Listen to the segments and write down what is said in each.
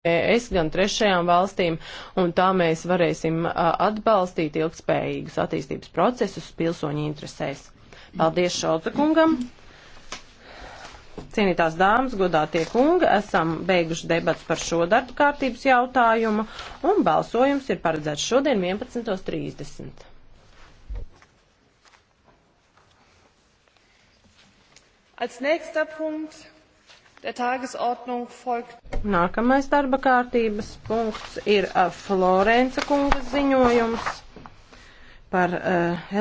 ES, gan trešajām valstīm, un tā mēs varēsim atbalstīt ilgspējīgus attīstības procesus pilsoņu interesēs. Paldies Šauca kungam! Cienītās dāmas, godātie kungi, esam beiguši debats par šo darbu kārtības jautājumu, un balsojums ir paredzēts šodien 11.30. Als nächster Punkt Nākamais darba kārtības punkts ir Florence kungas ziņojums par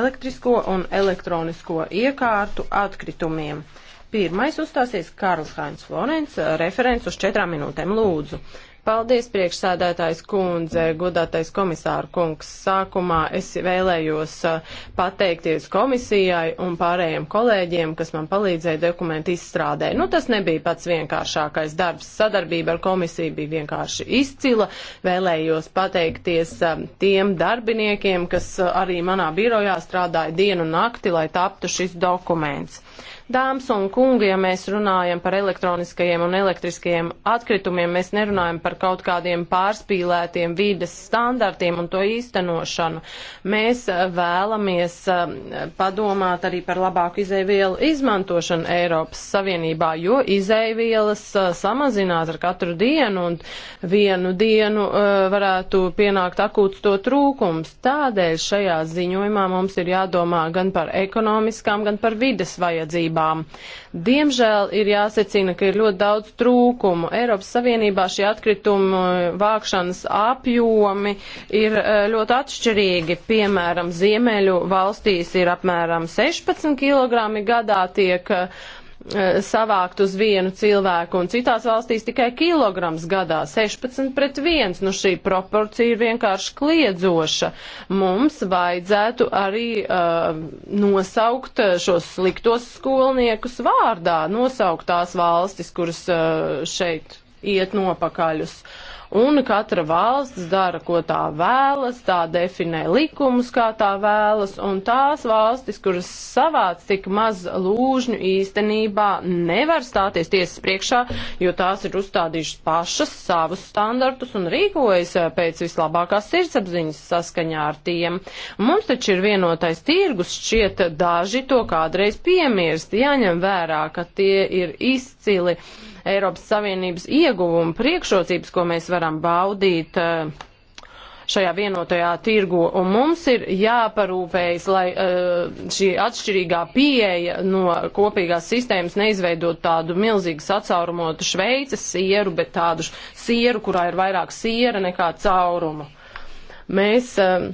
elektrisko un elektronisko iekārtu atkritumiem. Pirmais uzstāsies Karls Hainz Florence, referents uz četrām minūtēm lūdzu. Paldies, priekšsēdētājs kundze, godātais komisāra kungs. Sākumā es vēlējos uh, pateikties komisijai un pārējiem kolēģiem, kas man palīdzēja dokumentu izstrādē. Nu, tas nebija pats vienkāršākais darbs. Sadarbība ar komisiju bija vienkārši izcila. Vēlējos pateikties um, tiem darbiniekiem, kas uh, arī manā birojā strādāja dienu un nakti, lai taptu šis dokuments. Dāmas un kungi, ja mēs runājam par elektroniskajiem un elektriskajiem atkritumiem, mēs nerunājam par kaut kādiem pārspīlētiem vides standartiem un to īstenošanu. Mēs eh, vēlamies eh, padomāt arī par labāku izēvielu izmantošanu Eiropas Savienībā, jo izēvielas eh, samazinās ar katru dienu un vienu dienu varētu pienākt akūts to trūkums. Tādēļ šajā ziņojumā mums ir jādomā gan par ekonomiskām, gan par vides vajadzībām. Diemžēl ir jāsecina, ka ir ļoti daudz trūkumu. Eiropas Savienībā šie atkritumi atkritumu vākšanas apjomi ir e, ļoti atšķirīgi. Piemēram, ziemeļu valstīs ir apmēram 16 kg gadā tiek e, savākt uz vienu cilvēku, un citās valstīs tikai kilograms gadā - 16 pret 1. Nu, šī proporcija ir vienkārši kliedzoša. Mums vajadzētu arī uh, nosaukt šos sliktos skolniekus vārdā, nosaukt tās valstis, kuras uh, šeit iet nopakaļus. Un katra valsts dara, ko tā vēlas, tā definē likumus, kā tā vēlas, un tās valstis, kuras savāc tik maz lūžņu īstenībā, nevar stāties tiesas priekšā, jo tās ir uzstādījušas pašas savus standartus un rīkojas eh, pēc vislabākās sirdsapziņas saskaņā ar tiem. Mums taču ir vienotais tirgus, šķiet daži to kādreiz piemirst, jāņem vērā, ka tie ir izcili. Uh, Eiropas Savienības ieguvumu, priekšrocības, ko mēs varam baudīt eh, šajā vienotajā tirgu, un mums ir jāparūpējas, lai eh, šī atšķirīgā pieeja no kopīgās sistēmas neizveidot tādu milzīgu sacaurumotu šveices sieru, bet tādu sieru, kurā ir vairāk siera nekā caurumu. Mēs uh,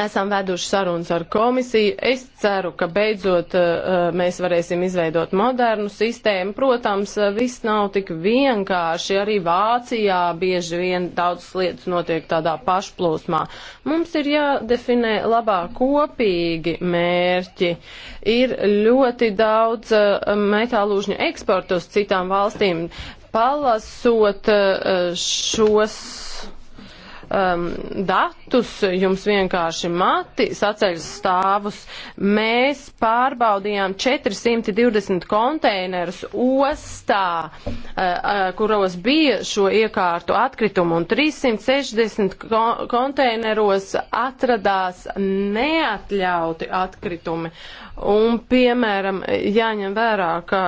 esam veduši sarunas ar komisiju. Es ceru, ka beidzot eh, eh, mēs varēsim izveidot modernu sistēmu. Protams, eh, viss nav tik vienkārši. Arī Vācijā bieži vien daudz lietas notiek tādā pašplūsmā. Mums ir jādefinē labā kopīgi mērķi. Ir ļoti daudz metālūžņu eksportu uz citām valstīm. Palasot šos um, datus, jums vienkārši mati saceļas stāvus. Mēs pārbaudījām 420 konteinerus ostā, uh, uh, kuros bija šo iekārtu atkritumu, un 360 ko konteineros atradās neatļauti atkritumi. Un, piemēram, jāņem vērā, ka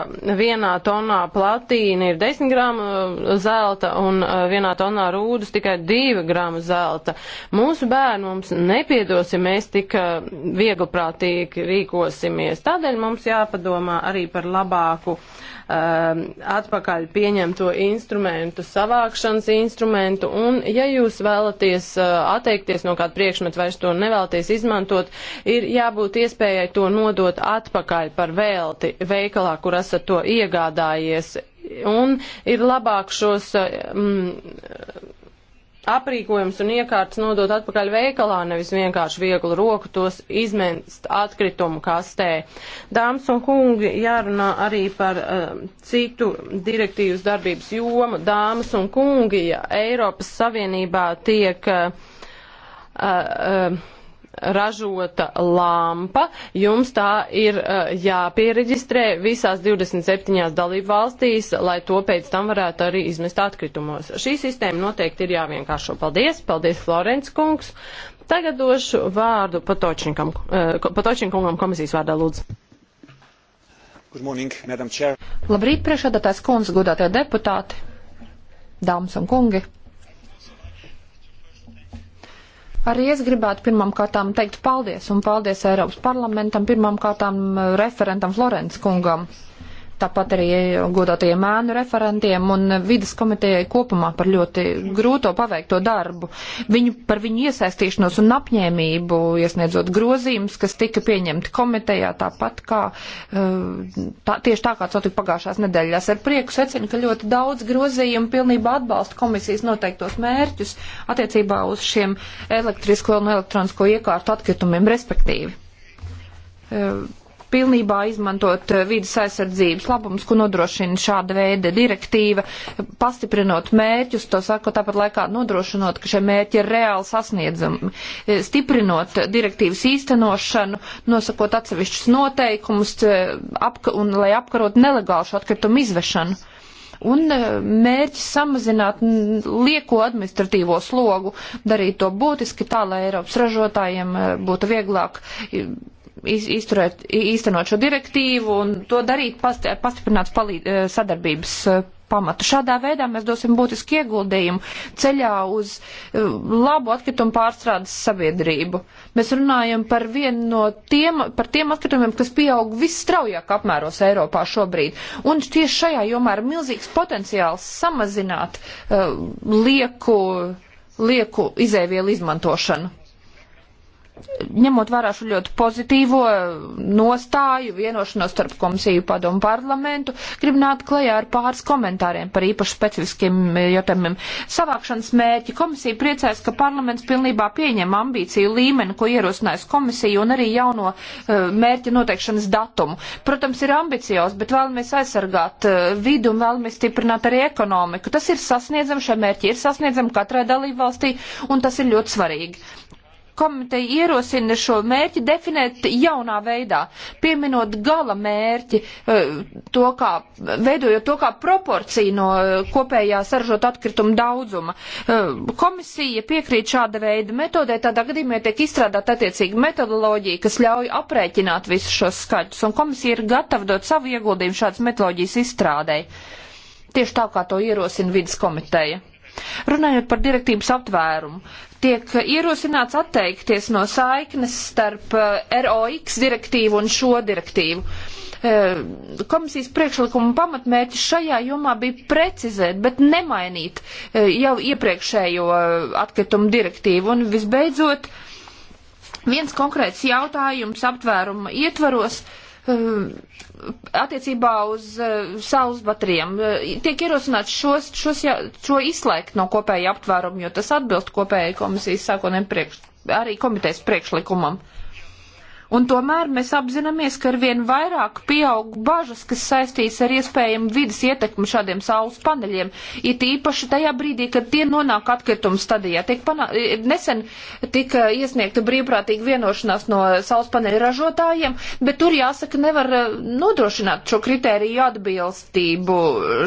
vienā tonā platīna ir 10 gramu uh, zelta un uh, vienā tonā rūdas tikai 2 gramu zelta. Mūsu bērni mums nepiedos, ja mēs tik uh, viegliprātīgi rīkosimies. Tādēļ mums jāpadomā arī par labāku uh, Um, atpakaļ pieņemto instrumentu, savākšanas instrumentu, un ja jūs vēlaties uh, atteikties no kāda priekšmeta, vairs to nevēlaties izmantot, ir jābūt iespējai to nodot atpakaļ par velti veikalā, kur esat to iegādājies. Un ir labāk šos uh, mm, aprīkojums un iekārtas nodot atpakaļ veikalā, nevis vienkārši viegli roku tos izmest atkritumu kastē. Dāmas un kungi, jārunā arī par uh, citu direktīvas darbības jomu. Dāmas un kungi, ja Eiropas Savienībā tiek. Uh, uh, uh ražota lampa, jums tā ir uh, jāpiereģistrē visās 27 dalību valstīs, lai to pēc tam varētu arī izmest atkritumos. Šī sistēma noteikti ir jāvienkāršo. Paldies, paldies Florence kungs. Tagad došu vārdu Patočinkam, uh, Patočinkungam komisijas vārdā lūdzu. Good morning, Madam Chair. Labrīt, priekšādātājs kundze, godātie deputāti, dāmas un kungi. Arī es gribētu pirmām kārtām teikt paldies un paldies Eiropas parlamentam, pirmām kārtām eh, referentam Florence kungam tāpat arī godātajiem ēnu referentiem un vidas komitejai kopumā par ļoti grūto paveikto darbu. Viņu, par viņu iesaistīšanos un apņēmību, iesniedzot grozījumus, kas tika pieņemti komitejā, tāpat kā eh, tā, tieši tā kā tas notika pagājušās nedēļās. Ar prieku secinu, ka ļoti daudz grozījumu pilnībā atbalsta komisijas noteiktos mērķus attiecībā uz šiem elektrisko un elektronisko iekārtu atkritumiem respektīvi. Uh, pilnībā izmantot eh, vidas aizsardzības labums, ko nodrošina šāda veida direktīva, pastiprinot mērķus, to saku tāpat laikā nodrošinot, ka šie mērķi ir reāli sasniedzami, eh, stiprinot direktīvas īstenošanu, nosakot atsevišķus noteikumus eh, apka, un lai apkarot nelegālu šo atkritumu izvešanu un mērķis samazināt lieko administratīvo slogu, darīt to būtiski tā, lai Eiropas ražotājiem būtu vieglāk izturēt, īstenot šo direktīvu un to darīt pastiprināts palīd, e, sadarbības e, pamatu. Šādā veidā mēs dosim būtisku ieguldījumu ceļā uz e, labu atkritumu pārstrādes sabiedrību. Mēs runājam par vienu no tiem, par tiem atkritumiem, kas pieaug visstraujāk apmēros Eiropā šobrīd. Un tieši šajā jomā ir milzīgs potenciāls samazināt uh, lieku, lieku izēvielu izmantošanu ņemot vērā šo ļoti pozitīvo nostāju, vienošanos starp komisiju padomu parlamentu, gribu nākt klajā ar pāris komentāriem par īpaši specifiskiem eh, jautājumiem. Savākšanas mērķi komisija priecājas, ka parlaments pilnībā pieņem ambīciju līmeni, ko ierosinājas komisija un arī jauno uh, mērķa noteikšanas datumu. Protams, ir ambiciozs, bet vēlamies aizsargāt uh, vidu un vēlamies stiprināt arī ekonomiku. Tas ir sasniedzam, šie mērķi ir sasniedzam katrai dalībvalstī un tas ir ļoti svarīgi komiteja ierosina šo mērķi definēt jaunā veidā, pieminot gala mērķi, eh, to kā, veidojot to kā proporciju no eh, kopējā saražot atkritumu daudzuma. Eh, komisija piekrīt šāda veida metodē, tādā gadījumā tiek izstrādāt attiecīgi metodoloģija, kas ļauj aprēķināt visus šos skaļus, un komisija ir gatava dot savu ieguldījumu šādas metodoloģijas izstrādē. Tieši tā, kā to ierosina vidas komiteja. Runājot par direktīvas aptvērumu, tiek ierosināts atteikties no saiknes starp eh, ROX direktīvu un šo direktīvu. Eh, komisijas priekšlikuma pamatmērķis šajā jomā bija precizēt, bet nemainīt eh, jau iepriekšējo atkritumu direktīvu. Un visbeidzot, viens konkrēts jautājums aptvēruma ietvaros attiecībā uz uh, saules baterijām. Uh, tiek ierosināts šos, šos, ja, šo izslēgt no kopēja aptvērumu, jo tas atbilst kopējai komisijas sākotnēm priekš, arī komitejas priekšlikumam. Uh, Un tomēr mēs apzināmies, ka arvien vairāk pieaug bažas, kas saistīs ar iespējamu vidas ietekmi šādiem saules paneļiem. It īpaši tajā brīdī, kad tie nonāk atkrituma stadijā. Tiek panā... Nesen tika iesniegta brīvprātīga vienošanās no saules paneļa ražotājiem, bet tur jāsaka, nevar eh, nodrošināt šo kritēriju atbilstību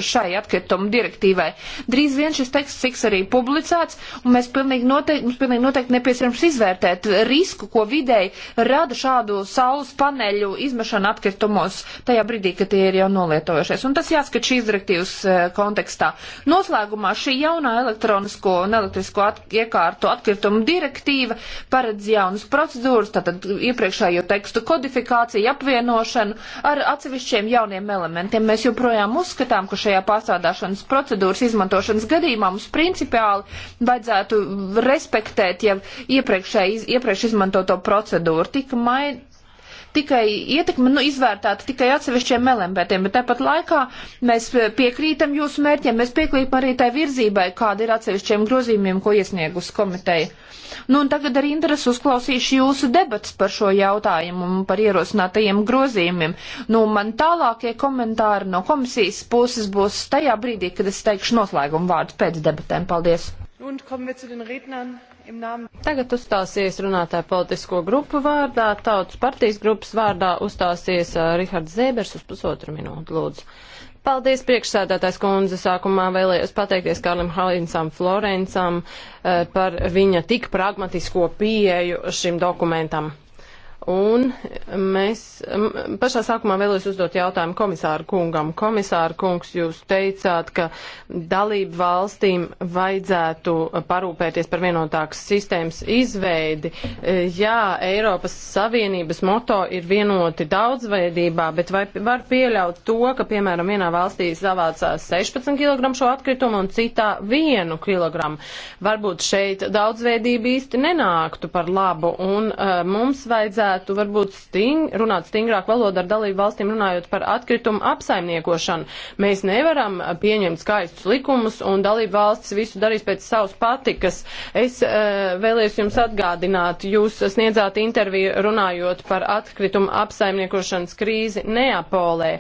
šai atkrituma direktīvai. Drīz vien šis teksts tiks arī publicēts, un mēs pilnīgi noteikti, mums pilnīgi noteikti nepieciešams izvērtēt risku, ko videi rada šādi šādu saules paneļu izmešanu atkritumos tajā brīdī, kad tie ir jau nolietojušies. Un tas jāskat šīs direktīvas e, kontekstā. Noslēgumā šī jaunā elektronisko un elektrisko at iekārtu atkritumu direktīva paredz jaunas procedūras, tātad iepriekšējo tekstu kodifikāciju, apvienošanu ar atsevišķiem jauniem elementiem. Mēs joprojām uzskatām, ka šajā pārstrādāšanas procedūras izmantošanas gadījumā mums principiāli vajadzētu respektēt jau iepriekš izmantoto procedūru. Tika mai tikai tikai ietekme nu, izvērtēta tikai atsevišķiem elementiem, bet tāpat laikā mēs piekrītam jūsu mērķiem, mēs piekrītam arī tai virzībai, kāda ir atsevišķiem grozījumiem, ko iesniegus komiteja. Nu, un tagad ar interesi uzklausīšu jūsu debats par šo jautājumu un par ierosinātajiem grozījumiem. Nu, man tālākie komentāri no komisijas puses būs tajā brīdī, kad es teikšu noslēgumu vārdu pēc debatēm. Paldies! Un kommen wir zu den Rednern. Tagad uzstāsies runātāja politisko grupu vārdā, tautas partijas grupas vārdā uzstāsies uh, Rihards Zēbers uz pusotru minūtu, lūdzu. Paldies priekšsēdētājs kundze. Sākumā vēlējos pateikties Karlim Halinsam Florencam uh, par viņa tik pragmatisko pieeju šim dokumentam. Un mēs pašā sākumā vēlos uzdot jautājumu komisāru kungam. Komisāru kungs, jūs teicāt, ka dalību valstīm vajadzētu parūpēties par vienotākas sistēmas izveidi. Jā, Eiropas Savienības moto ir vienoti daudzveidībā, bet vai var pieļaut to, ka, piemēram, vienā valstī savācās 16 kg šo atkritumu un citā 1 kg? Varbūt šeit daudzveidība īsti nenāktu par labu un uh, mums vajadzētu varētu varbūt sting, runāt stingrāk valodu ar dalību valstīm, runājot par atkritumu apsaimniekošanu. Mēs nevaram pieņemt skaistus likumus un dalību valstis visu darīs pēc savas patikas. Es uh, eh, vēlies jums atgādināt, jūs sniedzāt interviju runājot par atkritumu apsaimniekošanas krīzi Neapolē.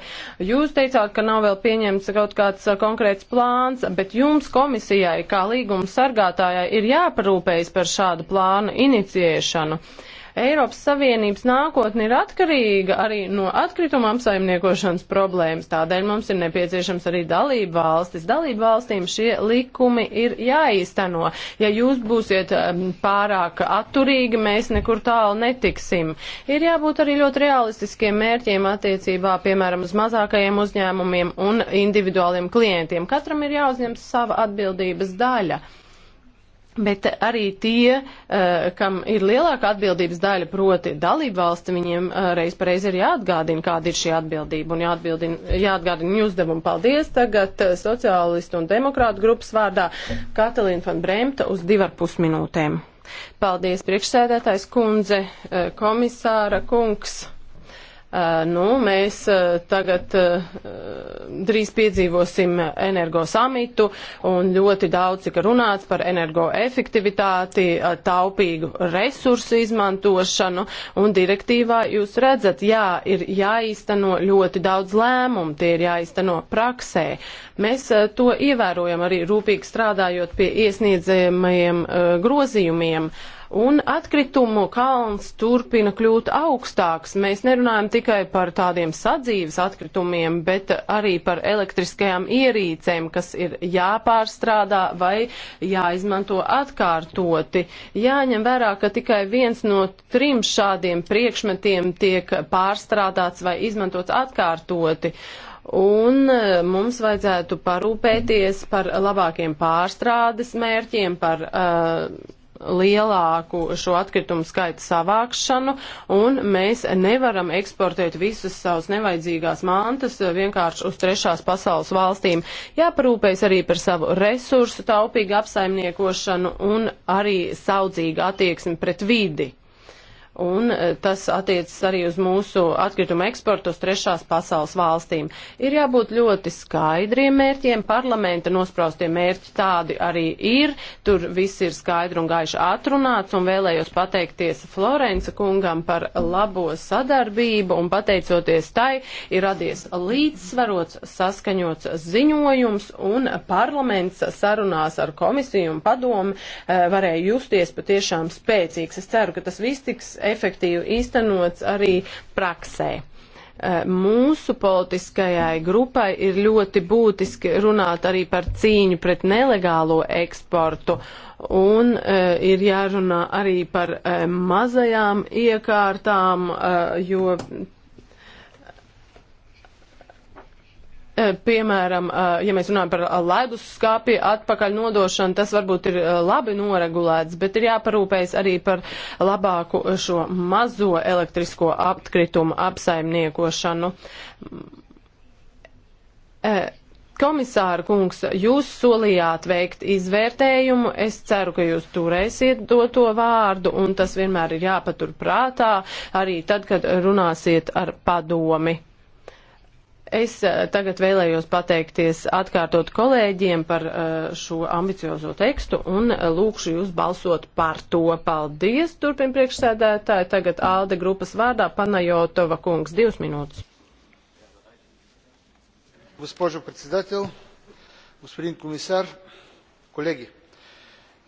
Jūs teicāt, ka nav vēl pieņemts kaut kāds eh, konkrēts plāns, bet jums komisijai, kā līguma sargātājai, ir jāparūpējas par šādu plānu iniciēšanu. Uh, Eiropas Savienības nākotne ir atkarīga arī no atkrituma apsaimniekošanas problēmas. Tādēļ mums ir nepieciešams arī dalība valstis. Dalība valstīm šie likumi ir jāīsteno. Ja jūs būsiet um, pārāk atturīgi, mēs nekur tālu netiksim. Ir jābūt arī ļoti realistiskiem mērķiem attiecībā, piemēram, uz mazākajiem uzņēmumiem un individuāliem klientiem. Katram ir jāuzņem sava atbildības daļa. Bet arī tie, eh, kam ir lielāka atbildības daļa, proti dalību valsti, viņiem eh, reiz par reizi ir jāatgādina, kāda ir šī atbildība un jāatgādina viņu uzdevumu. Paldies tagad eh, sociālistu un demokrātu grupas vārdā Katalīna van Bremta uz divarpus minūtēm. Paldies priekšsēdētājs kundze, komisāra kungs nu, mēs tagad drīz piedzīvosim energo samitu un ļoti daudz tika runāts par energoefektivitāti, taupīgu resursu izmantošanu un direktīvā jūs redzat, jā, ir jāīsteno ļoti daudz lēmumu, tie ir jāīsteno praksē. Mēs to ievērojam arī rūpīgi strādājot pie iesniedzējumajiem grozījumiem. Uh, un atkritumu kalns turpina kļūt augstāks. Mēs nerunājam tikai par tādiem sadzīves atkritumiem, bet arī par elektriskajām ierīcēm, kas ir jāpārstrādā vai jāizmanto atkārtoti. Jāņem vērā, ka tikai viens no trim šādiem priekšmetiem tiek pārstrādāts vai izmantots atkārtoti. Un e, mums vajadzētu parūpēties par labākiem pārstrādes mērķiem, par uh, lielāku šo atkritumu skaitu savākšanu, un mēs nevaram eksportēt visas savas nevajadzīgās mantas vienkārši uz trešās pasaules valstīm. Jāparūpējas arī par savu resursu taupīgu apsaimniekošanu un arī saudzīgu attieksmi pret vidi un e, tas attiecas arī uz mūsu atkritumu eksportu uz trešās pasaules valstīm. Ir jābūt ļoti skaidriem mērķiem, parlamenta nospraustie mērķi tādi arī ir, tur viss ir skaidri un gaiši atrunāts, un vēlējos pateikties Florence kungam par labo sadarbību, un pateicoties tai ir radies līdzsvarots, saskaņots ziņojums, un parlaments sarunās ar komisiju un padomu e, varēja justies patiešām spēcīgs. Es ceru, ka tas viss tiks efektīvi īstenots arī praksē eh, mūsu politiskajai grupai ir ļoti būtiski runāt arī par cīņu pret nelegālo eksportu un uh, ir jārunā arī par uh, mazajām iekārtām, uh, jo E, piemēram, e, ja mēs runājam par ledus skāpi atpakaļ nodošanu, tas varbūt ir e, labi noregulēts, bet ir jāparūpējas arī par labāku šo mazo elektrisko aptkritumu apsaimniekošanu. Komisāra kungs, jūs solījāt veikt izvērtējumu. Es ceru, ka jūs turēsiet doto vārdu, un tas vienmēr ir jāpatur prātā, arī tad, kad runāsiet ar padomi. Es eh, tagad vēlējos pateikties atkārtot kolēģiem par eh, šo ambiciozo tekstu un eh, lūkšu jūs balsot par to. Paldies, turpin priekšsēdētāji. Tagad ALDE grupas vārdā Panajotova kungs. Divas minūtes. Госпожо председател, господин комисар, колеги.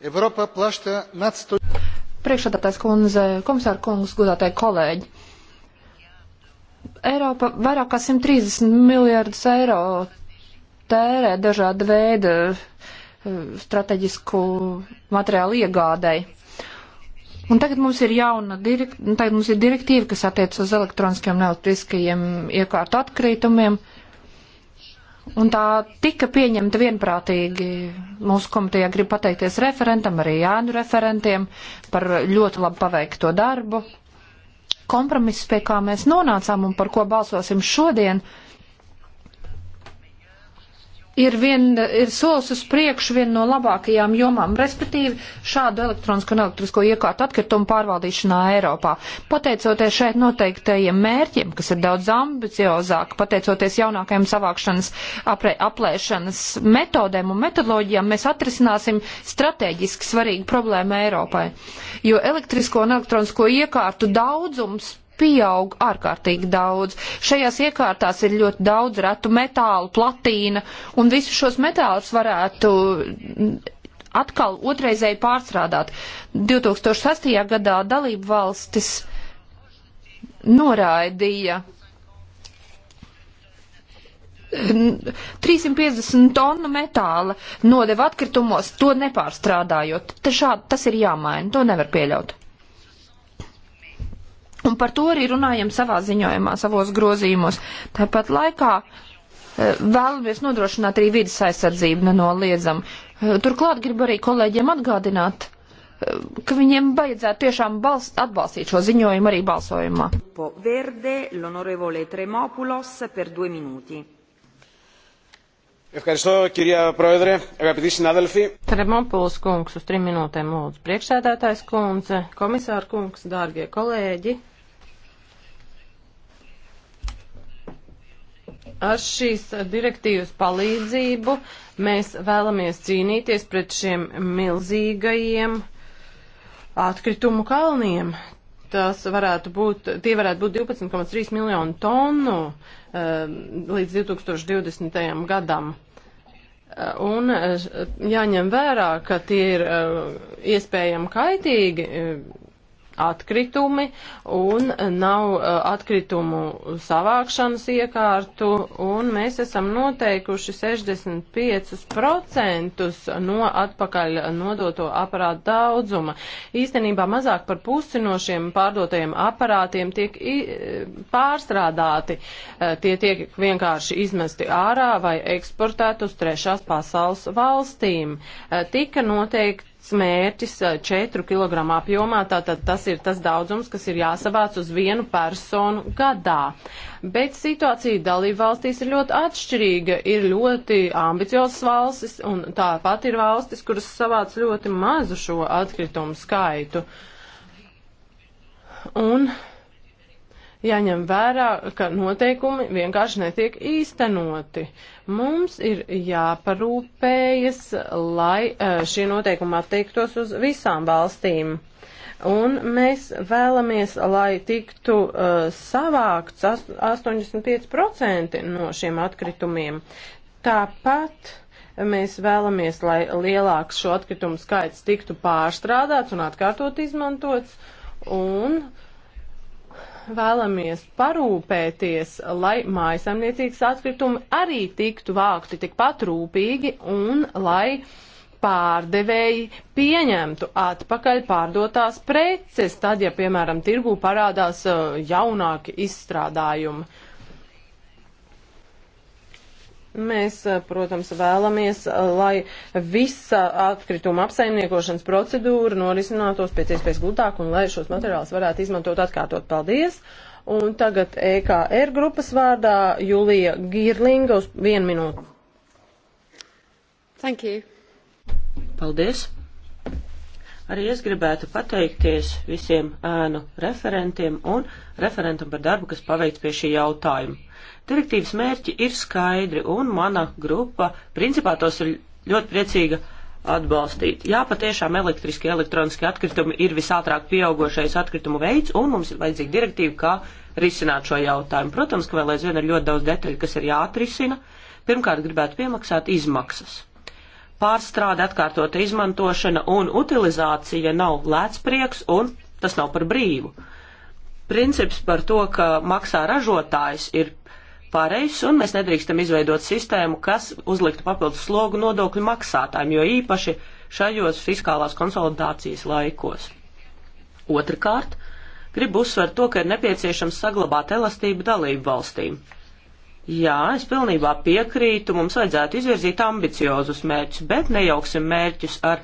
Европа плаща над 100... Priekšsēdētājs kundze, komisāra kungs, godātāji kolēģi. Eiropa vairāk kā 130 miljārdus eiro tērē dažāda veida eh, strateģisku materiālu iegādai. Un tagad mums ir jauna direkt, tagad mums ir direktīva, kas attiec uz elektroniskiem neelektriskajiem iekārtu atkritumiem. Un tā tika pieņemta vienprātīgi. Mūsu komitejā grib pateikties referentam, arī Jānu referentiem par ļoti labi paveikto darbu kompromiss, pie kā mēs nonācām un par ko balsosim šodien, uh, ir, vien, ir solis uz priekšu viena no labākajām jomām, respektīvi šādu elektronisko un elektrisko iekārtu atkritumu pārvaldīšanā Eiropā. Pateicoties šeit noteiktajiem mērķiem, kas ir daudz ambiciozāk, pateicoties jaunākajiem savākšanas aprē, aplēšanas metodēm un metodoloģijām, mēs atrisināsim strateģiski svarīgu problēmu Eiropai. Jo elektrisko un elektronisko iekārtu daudzums pieaug ārkārtīgi daudz. Šajās iekārtās ir ļoti daudz retu metālu, platīna, un visus šos metālus varētu atkal otrreizēji pārstrādāt. 2008. gadā dalību valstis noraidīja 350 tonu metāla nodeva atkritumos, to nepārstrādājot. Šādi tas ir jāmaina, to nevar pieļaut. Un par to arī runājam savā ziņojumā, savos grozījumos. Tāpat laikā e, vēlamies nodrošināt arī vidas aizsardzību nenoliedzam. E, turklāt gribu arī kolēģiem atgādināt, e, ka viņiem vajadzētu tiešām balst, atbalstīt šo ziņojumu arī balsojumā. Po verde, l'onorevole Tremopulos per due minūti. Ευχαριστώ, κυρία Πρόεδρε, αγαπητοί συνάδελφοι. Tremopuls kungs uz trim minūtēm lūdzu priekšsēdētājs kundze, komisāra kungs, dārgie kolēģi. Ar šīs direktīvas palīdzību mēs vēlamies cīnīties pret šiem milzīgajiem atkritumu kalniem. Tas varētu būt, tie varētu būt 12,3 miljonu tonu. Uh, Um, līdz 2020. gadam. Uh, un uh, jāņem vērā, ka tie ir uh, iespējami kaitīgi atkritumi un nav uh, atkritumu savākšanas iekārtu, un mēs esam noteikuši 65% no atpakaļ nodoto aparātu daudzuma. Īstenībā mazāk par pusi no šiem pārdotajiem aparātiem tiek pārstrādāti, uh, tie tiek vienkārši izmesti ārā vai eksportēti uz trešās pasaules valstīm. Uh, tika noteikti mērķis 4 kg apjomā, tātad tas ir tas daudzums, kas ir jāsavāc uz vienu personu gadā. Bet situācija dalībvalstīs ir ļoti atšķirīga. Ir ļoti ambiciozas valstis un tāpat ir valstis, kuras savāc ļoti mazu šo atkritumu skaitu. Un Jāņem vērā, ka noteikumi vienkārši netiek īstenoti. Mums ir jāparūpējas, lai e, šie noteikumi attiektos uz visām valstīm. Un mēs vēlamies, lai tiktu uh, savākts 85% no šiem atkritumiem. Tāpat mēs vēlamies, lai lielāks šo atkritumu skaits tiktu pārstrādāts un atkārtot izmantots. Un uh, vēlamies parūpēties, lai mājasemniecības atkritumi arī tiktu vākti tikpat rūpīgi un lai pārdevēji pieņemtu atpakaļ pārdotās preces, tad, ja, piemēram, tirgū parādās jaunāki izstrādājumi. Mēs, eh, protams, vēlamies, eh, lai visa atkrituma apsaimniekošanas procedūra norisinātos pēc iespējas gludāk un lai šos materiālus varētu izmantot atkārtot. Paldies! Un tagad EKR grupas vārdā Julija Girlinga uz vienu minūtu. Thank you. Paldies! Arī es gribētu pateikties visiem ēnu referentiem un referentam par darbu, kas paveikts pie šī jautājuma. Direktīvas mērķi ir skaidri, un mana grupa principā tos ir ļoti priecīga atbalstīt. Jā, patiešām elektriski, elektroniski atkritumi ir visātrāk pieaugošais atkritumu veids, un mums ir vajadzīga direktīva, kā risināt šo jautājumu. Protams, ka vēl aizvien ir ļoti daudz detaļu, kas ir jāatrisina. Pirmkārt, gribētu piemaksāt izmaksas. Pārstrāde, atkārtota izmantošana un utilizācija nav lētsprieks, un tas nav par brīvu. Princips par to, ka maksā ražotājs, ir pareizs, un mēs nedrīkstam izveidot sistēmu, kas uzliktu papildus slogu nodokļu maksātājiem, jo īpaši šajos fiskālās konsolidācijas laikos. Otrakārt, gribu uzsvert to, ka ir nepieciešams saglabāt elastību dalību valstīm. Jā, es pilnībā piekrītu, mums vajadzētu izvirzīt ambiciozus mērķus, bet nejauksim mērķus ar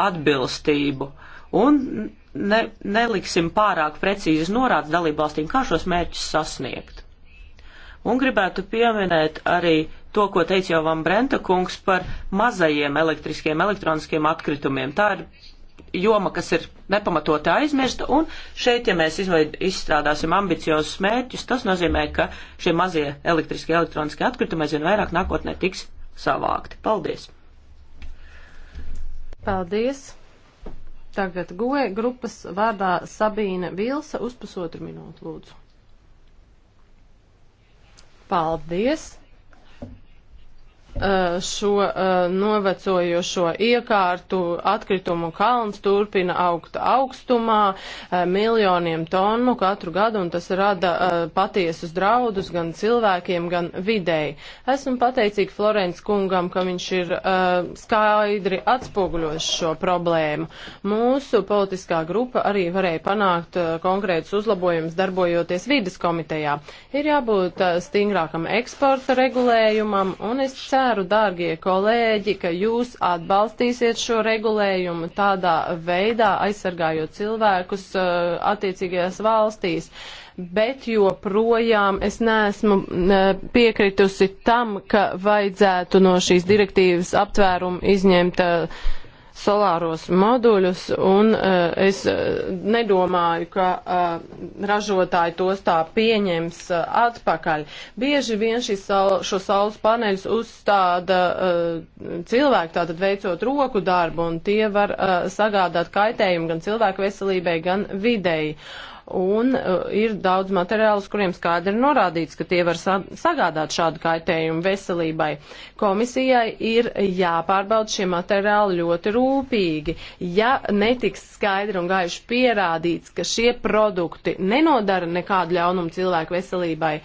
atbilstību un ne, neliksim pārāk precīzes norādes dalību valstīm, kā šos mērķus sasniegt. Un gribētu pieminēt arī to, ko teica jau Van Brenta kungs par mazajiem elektriskiem, elektroniskiem atkritumiem. Tā ir joma, kas ir nepamatoti aizmirsta, un šeit, ja mēs izveid, izstrādāsim ambiciozus mērķus, tas nozīmē, ka šie mazie elektriskie, elektroniskie atkritumi aizvien vairāk nākotnē tiks savākti. Paldies! Paldies! Tagad goja e grupas vārdā Sabīne Vilsa uz pusotru minūtu lūdzu. Paldies! Eh, šo eh, novecojošo iekārtu atkritumu kalns turpina augt augstumā eh, miljoniem tonu katru gadu, un tas rada patiesus draudus gan cilvēkiem, gan videi. Esmu pateicīgi Florence kungam, ka viņš ir skaidri atspoguļojis šo problēmu. Mūsu politiskā grupa arī varēja panākt konkrētus uzlabojumus darbojoties vides komitejā. Ir jābūt stingrākam eksporta regulējumam, un es ceru, ceru, dārgie kolēģi, ka jūs atbalstīsiet šo regulējumu tādā veidā, aizsargājot cilvēkus uh, attiecīgajās valstīs. Bet joprojām es neesmu uh, piekritusi tam, ka vajadzētu no šīs direktīvas aptvērumu izņemt uh, solāros moduļus, un uh, es e, nedomāju, ka uh, ražotāji tos tā pieņems uh, atpakaļ. Bieži vien saul, šo saules paneļus uzstāda uh, cilvēki, tātad veicot roku darbu, un tie var uh, sagādāt kaitējumu gan cilvēku veselībai, gan videi. Uh, un uh, ir daudz materiālus, kuriem skaidri ir norādīts, ka tie var sa sagādāt šādu kaitējumu veselībai. Komisijai ir jāpārbauda šie materiāli ļoti rūpīgi. Ja netiks skaidri un gaiši pierādīts, ka šie produkti nenodara nekādu ļaunumu cilvēku veselībai,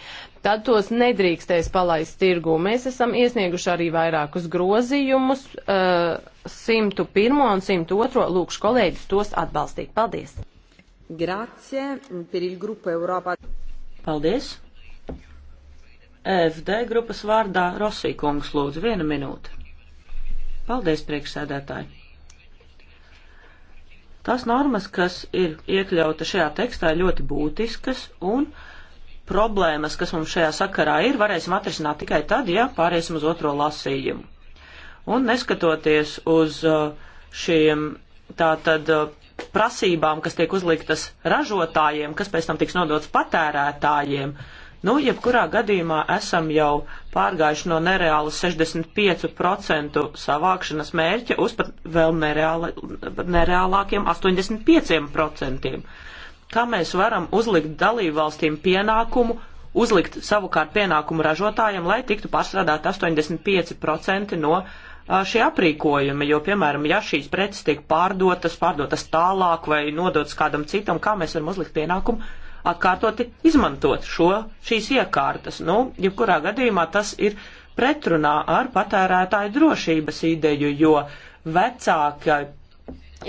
tad tos nedrīkstēs palaist tirgū. Mēs esam iesnieguši arī vairākus grozījumus, uh, eh, 101 un 102. Lūkšu kolēģis tos atbalstīt. Paldies! Grazie per il grupo Europa. Paldies. EFD grupas vārdā Rosī kungs lūdzu vienu minūti. Paldies, priekšsēdētāji. Tās normas, kas ir iekļauta šajā tekstā, ir ļoti būtiskas un problēmas, kas mums šajā sakarā ir, varēsim atrisināt tikai tad, ja pāriesim uz otro lasījumu. Un neskatoties uz uh, šiem tātad uh, prasībām, kas tiek uzliktas ražotājiem, kas pēc tam tiks nodots patērētājiem. Nu, jebkurā gadījumā esam jau pārgājuši no nereālas 65% savākšanas mērķa uz pat vēl nereāla, nereālākiem 85%. Kā mēs varam uzlikt dalībvalstīm pienākumu, uzlikt savukārt pienākumu ražotājiem, lai tiktu pārstrādāt 85% no uh, šie aprīkojumi, jo, piemēram, ja šīs preces tiek pārdotas, pārdotas tālāk vai nodotas kādam citam, kā mēs varam uzlikt pienākumu atkārtoti izmantot šo, šīs iekārtas. Nu, jebkurā gadījumā tas ir pretrunā ar patērētāju drošības ideju, jo vecākai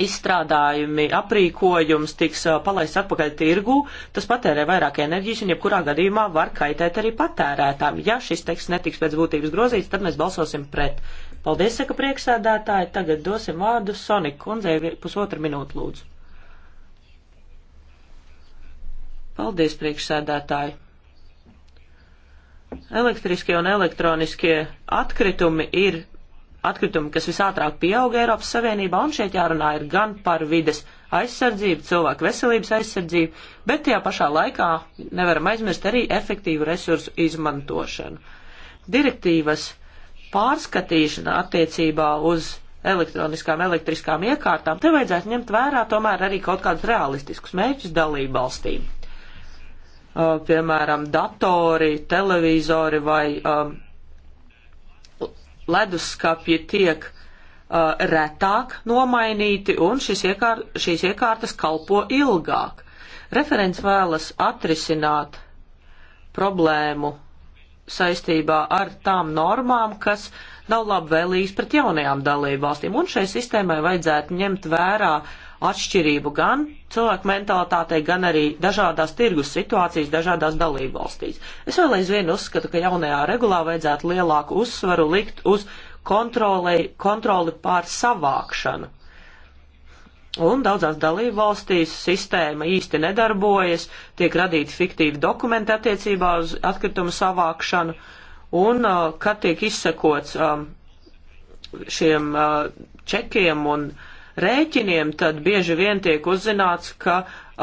izstrādājumi, aprīkojums tiks palaists atpakaļ tirgū, tas patērē vairāk enerģijas un jebkurā gadījumā var kaitēt arī patērētām. Ja šis teksts netiks pēc būtības grozīts, tad mēs balsosim pret. Paldies, saka priekšsēdētāji. Tagad dosim vārdu Sonik kundzei pusotru minūtu lūdzu. Paldies, priekšsēdētāji. Elektriskie un elektroniskie atkritumi ir atkritumi, kas visātrāk pieauga Eiropas Savienībā, un šeit jārunā ir gan par vides aizsardzību, cilvēku veselības aizsardzību, bet tajā pašā laikā nevaram aizmirst arī efektīvu resursu izmantošanu. Direktīvas pārskatīšana attiecībā uz elektroniskām, elektriskām iekārtām, te vajadzētu ņemt vērā tomēr arī kaut kādus realistiskus mērķus dalību valstīm. Uh, piemēram, datori, televizori vai um, leduskapji tiek uh, retāk nomainīti un šis iekār, šīs iekārtas kalpo ilgāk. Referents vēlas atrisināt problēmu saistībā ar tām normām, kas nav labvēlīgas pret jaunajām dalību valstīm. Un šai sistēmai vajadzētu ņemt vērā atšķirību gan cilvēku mentalitātei, gan arī dažādās tirgus situācijas dažādās dalību valstīs. Es vēl aizvien uzskatu, ka jaunajā regulā vajadzētu lielāku uzsvaru likt uz kontroli, kontroli pār savākšanu Un daudzās dalību valstīs sistēma īsti nedarbojas, tiek radīti fiktīvi dokumenti attiecībā uz atkritumu savākšanu, un uh, kad tiek izsekots um, šiem uh, čekiem un rēķiniem, tad bieži vien tiek uzzināts, ka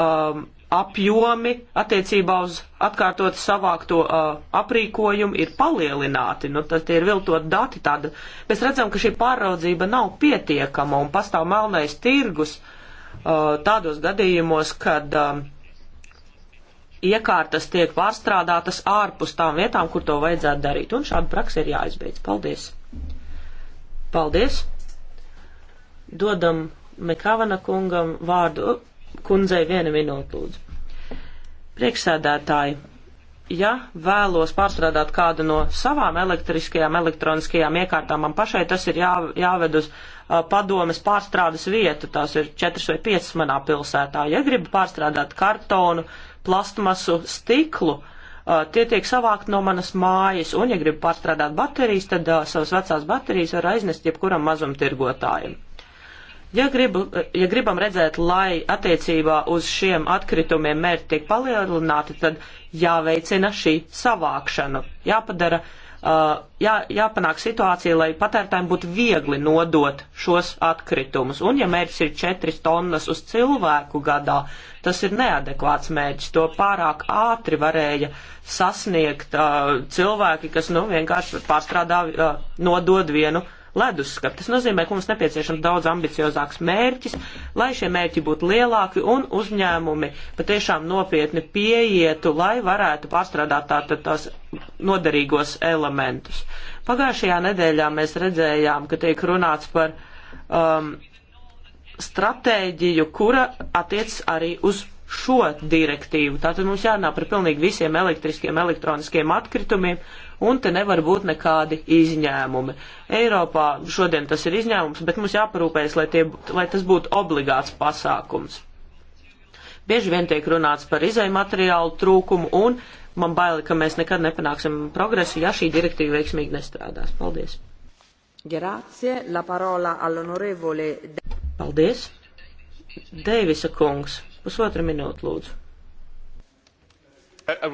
um, apjomi attiecībā uz atkārtot savākto uh, aprīkojumu ir palielināti, nu tad tie ir viltot dati tāda. Mēs redzam, ka šī pāraudzība nav pietiekama un pastāv melnais tirgus uh, tādos gadījumos, kad um, iekārtas tiek pārstrādātas ārpus tām vietām, kur to vajadzētu darīt. Un šāda praksa ir jāizbeidz. Paldies! Paldies! Dodam Mekavana kungam vārdu kundzei viena minūte lūdzu. Priekšsēdētāji, ja vēlos pārstrādāt kādu no savām elektriskajām, elektroniskajām iekārtām, man pašai tas ir jā, jāved uz uh, padomes pārstrādes vietu, tās ir četras vai piecas manā pilsētā. Ja gribu pārstrādāt kartonu, plastmasu, stiklu, uh, tie tiek savākt no manas mājas, un ja gribu pārstrādāt baterijas, tad uh, savas vecās baterijas var aiznest jebkuram mazumtirgotājiem. Ja, gribu, ja gribam redzēt, lai attiecībā uz šiem atkritumiem mērķi tiek palielināti, tad jāveicina šī savākšana, jāpadara, uh, jā, jāpanāk situācija, lai patērtājiem būtu viegli nodot šos atkritumus. Un ja mērķis ir 4 tonnas uz cilvēku gadā, tas ir neadekvāts mērķis, to pārāk ātri varēja sasniegt uh, cilvēki, kas nu, vienkārši pārstrādā, uh, nodod vienu leduskap. Tas nozīmē, ka mums nepieciešams daudz ambiciozāks mērķis, lai šie mērķi būtu lielāki un uzņēmumi patiešām nopietni pieietu, lai varētu pārstrādāt tātad tās noderīgos elementus. Pagājušajā nedēļā mēs redzējām, ka tiek runāts par um, stratēģiju, kura attiec arī uz šo direktīvu. Tātad mums jārunā par pilnīgi visiem elektriskiem, elektroniskiem atkritumiem, un te nevar būt nekādi izņēmumi. Eiropā šodien tas ir izņēmums, bet mums jāparūpējas, lai, tie, lai tas būtu obligāts pasākums. Bieži vien tiek runāts par izēju materiālu trūkumu, un man baili, ka mēs nekad nepanāksim progresu, ja šī direktīva veiksmīgi nestrādās. Paldies! Grazie, la parola all'onorevole. Paldies! Deivisa kungs, pusotra minūte lūdzu. A, a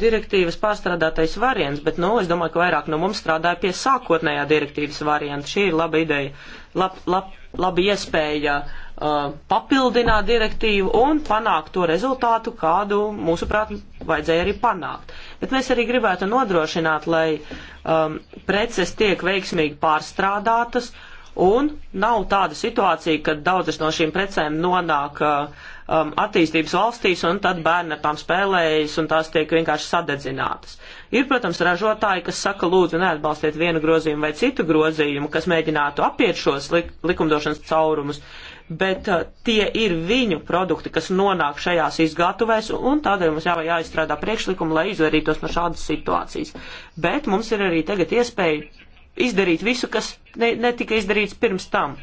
direktīvas pārstrādātais variants, bet, nu, es domāju, ka vairāk no mums strādāja pie sākotnējā direktīvas varianta. Šī ir laba ideja, lab, lab, laba iespēja uh, papildināt direktīvu un panākt to rezultātu, kādu, mūsuprāt, vajadzēja arī panākt. Bet mēs arī gribētu nodrošināt, lai um, preces tiek veiksmīgi pārstrādātas un nav tāda situācija, ka daudzas no šīm precēm nonāk uh, um, attīstības valstīs, un tad bērni ar tām spēlējas, un tās tiek vienkārši sadedzinātas. Ir, protams, ražotāji, kas saka, lūdzu, neatbalstiet vienu grozījumu vai citu grozījumu, kas mēģinātu apiet šos lik likumdošanas caurumus, bet uh, tie ir viņu produkti, kas nonāk šajās izgatavēs, un tādēļ mums jā, jāizstrādā priekšlikumi, lai izvairītos no šādas situācijas. Bet mums ir arī tagad iespēja izdarīt visu, kas ne, netika izdarīts pirms tam.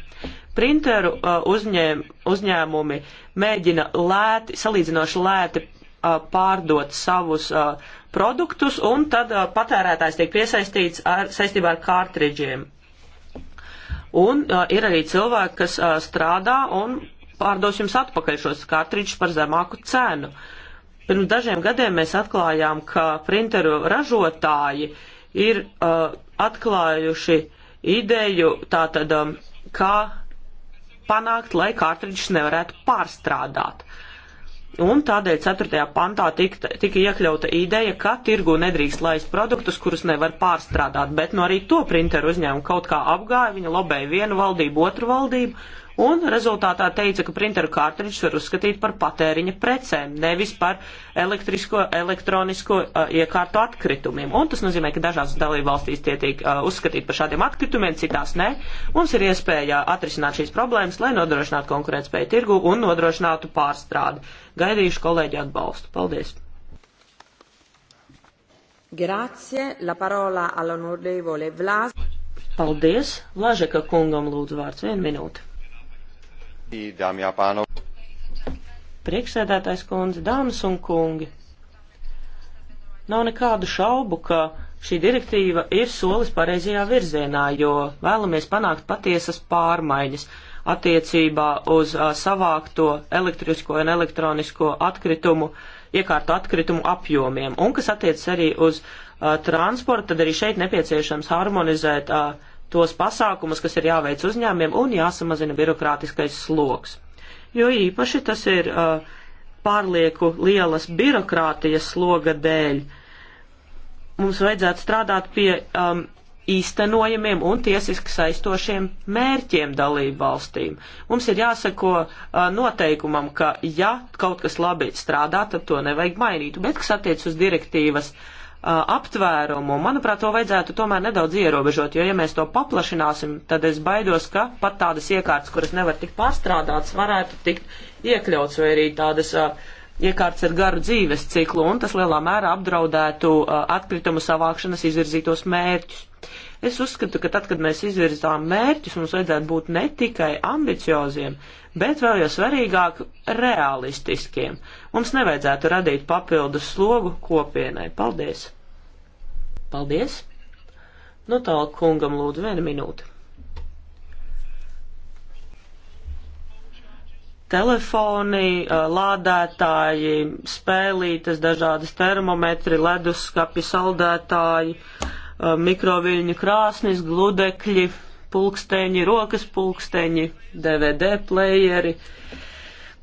Printeru uh, uzņēm, uzņēmumi mēģina lēti, salīdzinoši lēti uh, pārdot savus uh, produktus, un tad uh, patērētājs tiek piesaistīts ar, saistībā ar kārtridžiem. Un uh, ir arī cilvēki, kas uh, strādā un pārdos jums atpakaļ šos kārtridžus par zemāku cenu. Pirms dažiem gadiem mēs atklājām, ka printeru ražotāji ir uh, atklājuši ideju tātad, um, kā panākt, lai kārtridžus nevarētu pārstrādāt. Un tādēļ 4. pantā tika, tika iekļauta ideja, ka tirgu nedrīkst laist produktus, kurus nevar pārstrādāt, bet no nu arī to printeru uzņēmumu kaut kā apgāja, viņa lobēja vienu valdību, otru valdību, un rezultātā teica, ka printeru kārtiņus var uzskatīt par patēriņa precēm, nevis par elektronisko uh, iekārtu atkritumiem. Un tas nozīmē, ka dažās dalībvalstīs tie tiek uh, uzskatīti par šādiem atkritumiem, citās nē. Mums ir iespēja atrisināt šīs problēmas, lai nodrošinātu konkurētspēju tirgu un nodrošinātu pārstrādi. Gaidīšu kolēģi atbalstu. Paldies! Grazie, la parola all'onorevole Vlas. Paldies! Vlažeka kungam lūdzu vārds vienu minūti. Priekšsēdētājs kundze, dāmas un kungi, nav nekādu šaubu, ka šī direktīva ir solis pareizajā virzienā, jo vēlamies panākt patiesas pārmaiņas attiecībā uz uh, savākto elektrisko un elektronisko atkritumu, iekārtu atkritumu apjomiem. Un kas attiecas arī uz uh, transportu, tad arī šeit nepieciešams harmonizēt uh, tos pasākumus, kas ir jāveic uzņēmiem un jāsamazina birokrātiskais sloks. Jo īpaši tas ir uh, pārlieku lielas birokrātijas sloga dēļ. Mums vajadzētu strādāt pie um, īstenojamiem un tiesiski saistošiem mērķiem dalību valstīm. Mums ir jāseko uh, noteikumam, ka ja kaut kas labi strādā, tad to nevajag mainīt. Bet, kas attiec uz direktīvas uh, aptvērumu, manuprāt, to vajadzētu tomēr nedaudz ierobežot, jo, ja mēs to paplašināsim, tad es baidos, ka pat tādas iekārtas, kuras nevar tikt pārstrādātas, varētu tikt iekļauts vai arī tādas uh, iekārtas ar garu dzīves ciklu, un tas lielā mērā apdraudētu uh, atkritumu savākšanas izvirzītos mērķus. Es uzskatu, ka tad, kad mēs izvirzām mērķus, mums vajadzētu būt ne tikai ambicioziem, bet vēl jau svarīgāk realistiskiem. Mums nevajadzētu radīt papildus slogu kopienai. Paldies! Paldies! Nu tālāk kungam lūdzu vienu minūti. Telefoni, lādētāji, spēlītes, dažādas termometri, leduskapi, saldētāji, mikroviļņu krāsnis, gludekļi, pulksteņi, rokas pulksteņi, DVD playeri. Uh,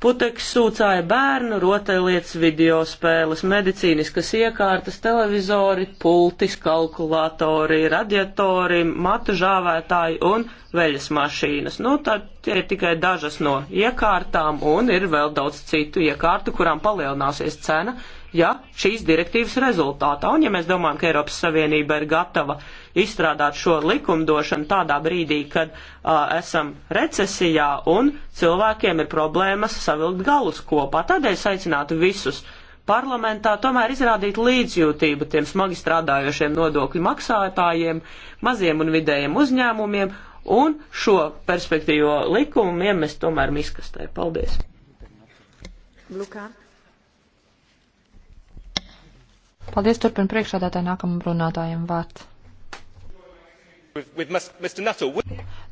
Putekļs sūcāja bērnu, rotaļlietas, video spēles, medicīniskas iekārtas, televizori, pultis, kalkulatori, radiatori, matu žāvētāji un veļas mašīnas. Nu, tad tie ir tikai dažas no iekārtām un ir vēl daudz citu iekārtu, kurām palielināsies cena, ja šīs direktīvas rezultātā. Un ja mēs domājam, ka Eiropas Savienība ir gatava uh, izstrādāt šo likumdošanu tādā brīdī, kad uh, esam recesijā un cilvēkiem ir problēmas savilkt galus kopā. Tādēļ aicinātu visus parlamentā tomēr izrādīt līdzjūtību tiem smagi strādājošiem nodokļu maksātājiem, maziem un vidējiem uzņēmumiem un šo perspektīvo likumu iemest tomēr miskastē. Paldies! Lukā. Paldies, turpin priekšādātāji nākamam runātājiem vārds.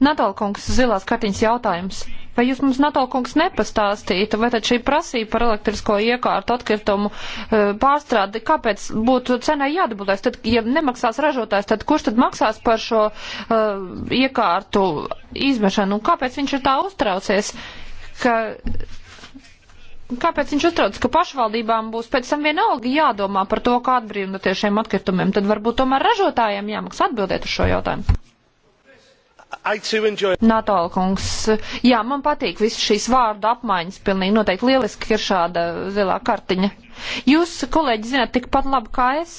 Natalkungs, zilās kartiņas jautājums. Vai jūs mums Natalkungs nepastāstītu, vai tad šī prasība par elektrisko iekārtu atkritumu eh, pārstrādi, kāpēc būtu cenai jāatbildēs? Tad, ja nemaksās ražotājs, tad kurš tad maksās par šo uh, iekārtu izmešanu? Un kāpēc viņš ir tā uztraucies, ka Kāpēc viņš uztrauc, ka pašvaldībām būs pēc tam vienalga jādomā par to, kā atbrīvoties šiem atkritumiem? Tad varbūt tomēr ražotājiem jāmaksā atbildēt uz šo jautājumu. Enjoy... Natāla kungs, jā, man patīk visas šīs vārdu apmaiņas, pilnīgi noteikti lieliski ir šāda zilā kartiņa. Jūs, kolēģi, zināt tikpat labi kā es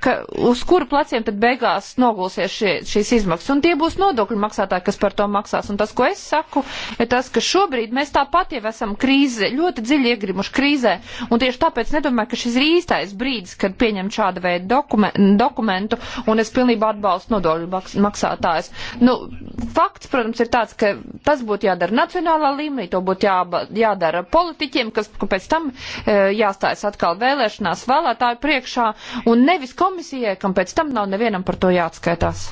ka, uz kuru pleciem tad beigās nogulsies šie, šīs izmaksas. Un tie būs nodokļu maksātāji, kas par to maksās. Un tas, ko es saku, ir tas, ka šobrīd mēs tāpat jau esam krīze, ļoti dziļi iegrimuši krīzē. Un tieši tāpēc nedomāju, ka šis ir īstais brīdis, kad pieņem šāda veida dokumen, dokumentu, un es pilnībā atbalstu nodokļu maks, maksātājus. Nu, fakts, protams, ir tāds, ka tas būtu jādara nacionālā līmenī, to būtu jā, jādara politiķiem, kas pēc tam e, jāstājas atkal vēlēšanās vēlētāju priekšā, un nevis komisijā komisijai, kam pēc tam nav nevienam par to jāatskaitās.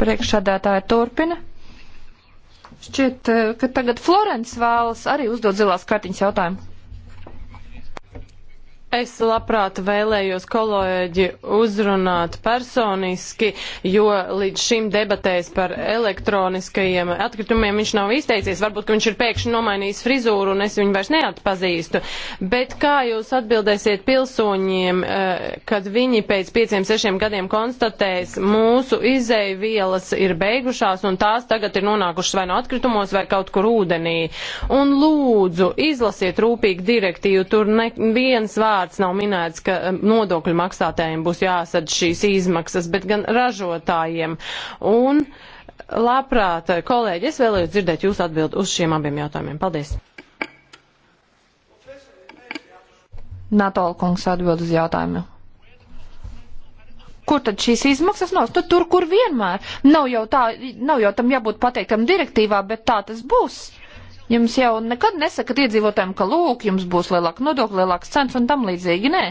Priekšādātāja turpina. Šķiet, eh, ka tagad Florence vēlas arī uzdot zilās kartiņas jautājumu. Es labprāt vēlējos kolēģi uzrunāt personiski, jo līdz šim debatēs par elektroniskajiem atkritumiem viņš nav izteicies. Varbūt, ka viņš ir pēkšņi nomainījis frizūru un es viņu vairs neatpazīstu. Bet kā jūs atbildēsiet pilsoņiem, eh, kad viņi pēc pieciem, sešiem gadiem konstatēs, mūsu izēju vielas ir beigušās un tās tagad ir nonākušas vai no atkritumos vai kaut kur ūdenī? Un lūdzu, izlasiet rūpīgi direktīvu, tur ne viens vārds vārds nav minēts, ka um, nodokļu maksātējiem būs jāsadz šīs izmaksas, bet gan ražotājiem. Un labprāt, kolēģi, es vēlējos dzirdēt jūsu atbildi uz šiem abiem jautājumiem. Paldies! Natāla kungs atbild uz jautājumu. Kur tad šīs izmaksas nav? Nu, tur, kur vienmēr. Nav jau, tā, nav jau tam jābūt pateiktam direktīvā, bet tā tas būs. Uh, Jums jau nekad nesakat iedzīvotājiem, ka lūk, jums būs lielāka nodokļa, lielāks cenas un tam līdzīgi. Nē,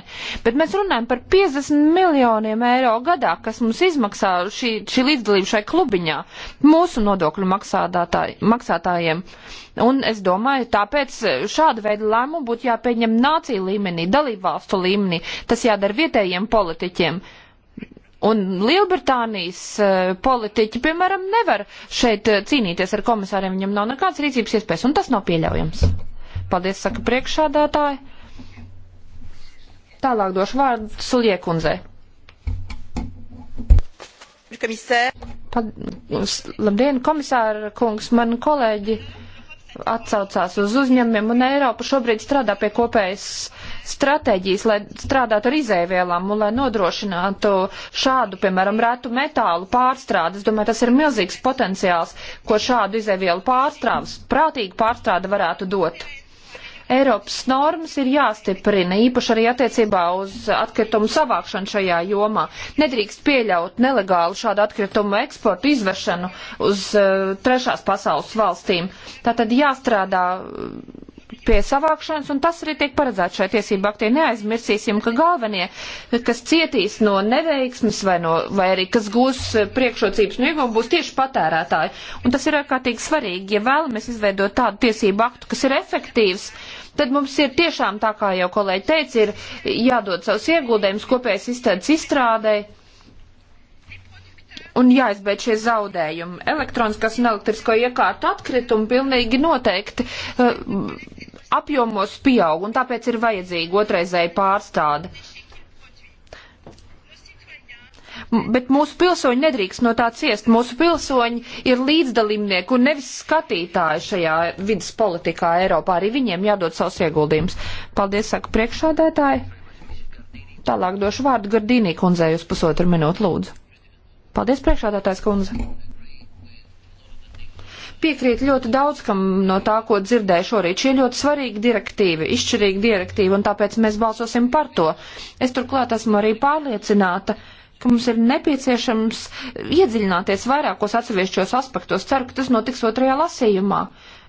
bet mēs runājam par 50 miljoniem eiro gadā, kas mums izmaksā šī, šī līdzdalība šai klubiņā mūsu nodokļu maksātājiem. Un es domāju, tāpēc šāda veida lēmumu būtu jāpieņem nācija līmenī, dalībvalstu līmenī. Tas jādara vietējiem politiķiem. Un Lielbritānijas eh, politiķi, piemēram, nevar šeit eh, cīnīties ar komisāriem, viņam nav nekādas rīcības iespējas, un tas nav pieļaujams. Paldies, saka priekšādātāji. Tālāk došu vārdu Suliekundzei. Pad, labdien, komisāra kungs, man kolēģi atsaucās uz uzņēmumiem, un Eiropa šobrīd strādā pie kopējas stratēģijas, lai strādātu ar izēvielām un lai nodrošinātu šādu, piemēram, retu metālu pārstrādi. Es domāju, tas ir milzīgs potenciāls, ko šādu izēvielu pārstrādes, prātīga pārstrāde varētu dot. Eiropas normas ir jāstiprina, īpaši arī attiecībā uz atkritumu savākšanu šajā jomā. Nedrīkst pieļaut nelegālu šādu atkritumu eksportu izvešanu uz uh, trešās pasaules valstīm. Tātad jāstrādā pie savākšanas, un tas arī tiek paredzēts šai tiesību aktē. Neaizmirsīsim, ka galvenie, kas cietīs no neveiksmes vai, no, vai arī kas gūs eh, priekšrocības no ieguvuma, būs tieši patērētāji. Un tas ir ārkārtīgi svarīgi, ja vēlamies izveidot tādu tiesību aktu, kas ir efektīvs. Tad mums ir tiešām, tā kā jau kolēģi teica, ir jādod savus ieguldījumus kopējas izstādes izstrādē. izstrādē un jāizbeidz šie zaudējumi. Elektroniskās un elektrisko iekārtu atkritumi pilnīgi noteikti uh, apjomos pieaug, un tāpēc ir vajadzīga otraizēja pārstāde. Bet mūsu pilsoņi nedrīkst no tā ciest. Mūsu pilsoņi ir līdzdalībnieki un nevis skatītāji šajā vidas politikā Eiropā. Arī viņiem jādod savus ieguldījumus. Paldies, saka priekšādētāji. Tālāk došu vārdu Gardīnī kundzei uz pusotru minūtu lūdzu. Paldies, priekšādātājs kundze. Piekrīt ļoti daudz, kam no tā, ko dzirdēju šorīt. Šī ir ļoti svarīga direktīva, izšķirīga direktīva, un tāpēc mēs balsosim par to. Es turklāt esmu arī pārliecināta, ka mums ir nepieciešams iedziļināties vairākos atsevišķos aspektos. Ceru, ka tas notiks otrajā lasījumā.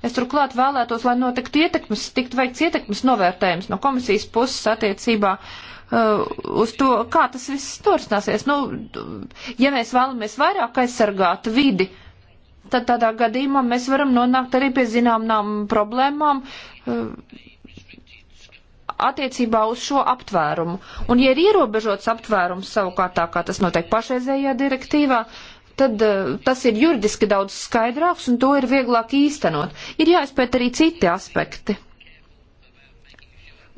Es turklāt vēlētos, lai notiktu ietekmes, tiktu veikts ietekmes novērtējums no komisijas puses attiecībā uh, Uh, uz to, kā tas viss turpināsies. Nu, ja mēs vēlamies vairāk aizsargāt vidi, tad tādā gadījumā mēs varam nonākt arī pie zināmām problēmām uh, attiecībā uz šo aptvērumu. Un ja ir ierobežots aptvērums savukārt tā, kā tas notiek pašreizējā direktīvā, tad uh, tas ir juridiski daudz skaidrāks un to ir vieglāk īstenot. Ir jāizpēt arī citi aspekti.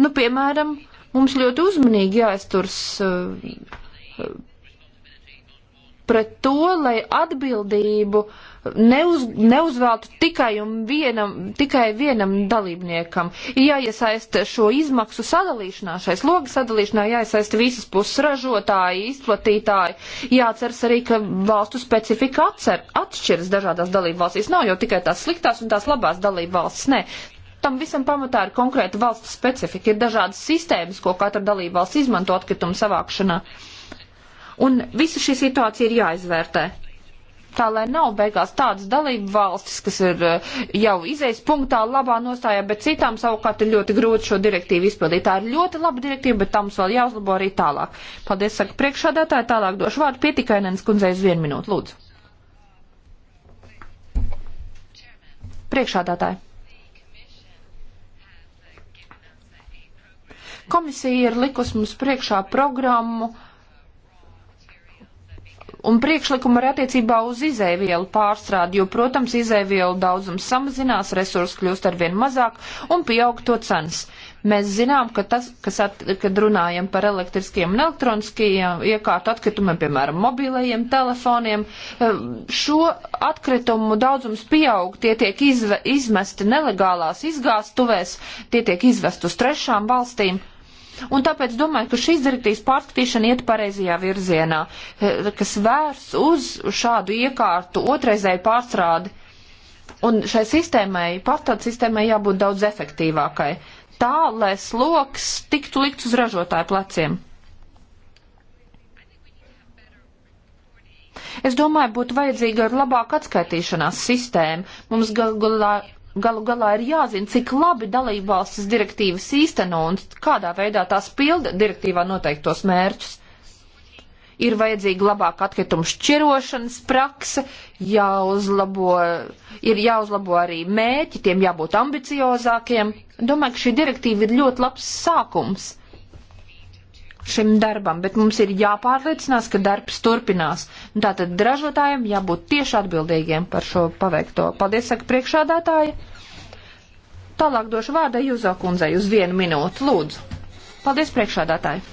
Nu, piemēram, Mums ļoti uzmanīgi jāizturs eh, pret to, lai atbildību neuz, neuzvēltu tikai, vienam, tikai vienam dalībniekam. Jāiesaista šo izmaksu sadalīšanā, šai slogas sadalīšanā, jāiesaista visas puses ražotāji, izplatītāji. Jāceras arī, ka valstu specifika atcer, atšķiras dažādās dalību valstīs. Nav jau tikai tās sliktās un tās labās dalību valstis, nē. Tam visam pamatā ir konkrēta valsts specifika, ir dažādas sistēmas, ko katra dalībvalsts izmanto atkritumu savākšanā. Un visa šī situācija ir jāizvērtē. Tā lai nav beigās tādas dalību valstis, kas ir eh, jau izējas punktā labā nostājā, bet citām savukārt ir ļoti grūti šo direktīvu izpildīt. Tā ir ļoti laba direktīva, bet tā mums vēl jāuzlabo arī tālāk. Paldies, saka priekšādātāji, tālāk došu vārdu pietikainēns kundzei uz vienu minūtu, lūdzu. Priekšādātāji. Komisija ir likus mums priekšā programmu un priekšlikumu arī attiecībā uz izēvielu pārstrādi, jo, protams, izēvielu daudzums samazinās, resursi kļūst arvien mazāk un pieaug to cenas. Mēs zinām, ka tas, kas at, kad runājam par elektriskiem un elektroniskajiem iekārtu atkritumiem, piemēram, mobilajiem telefoniem, eh, šo atkritumu daudzums pieaug, tie tiek izve, izmesti nelegālās izgāstuvēs, tie tiek izvest uz trešām valstīm. Un tāpēc domāju, ka šīs direktīvas pārskatīšana iet pareizajā virzienā, eh, kas vērs uz šādu iekārtu otraizēju pārstrādi. Un šai sistēmai, pārstrādes sistēmai jābūt daudz efektīvākai. Tā, lai sloks tiktu likts uz ražotāju pleciem. Es domāju, būtu vajadzīga ir labāka atskaitīšanās sistēma. Mums gal galā galu galā ir jāzina, cik labi dalībvalstis direktīvas īsteno un kādā veidā tās pilda direktīvā noteiktos mērķus. Ir vajadzīga labāka atkritumu šķirošanas prakse, jāuzlabo, ir jāuzlabo arī mēķi, tiem jābūt ambiciozākiem. Domāju, ka šī direktīva ir ļoti labs sākums šim darbam, bet mums ir jāpārliecinās, ka darbs turpinās. Tātad ražotājiem jābūt tieši atbildīgiem par šo paveikto. Paldies, saka priekšādātāja. Tālāk došu vārdu Juzo kundzei uz vienu minūtu. Lūdzu. Paldies, priekšādātāji.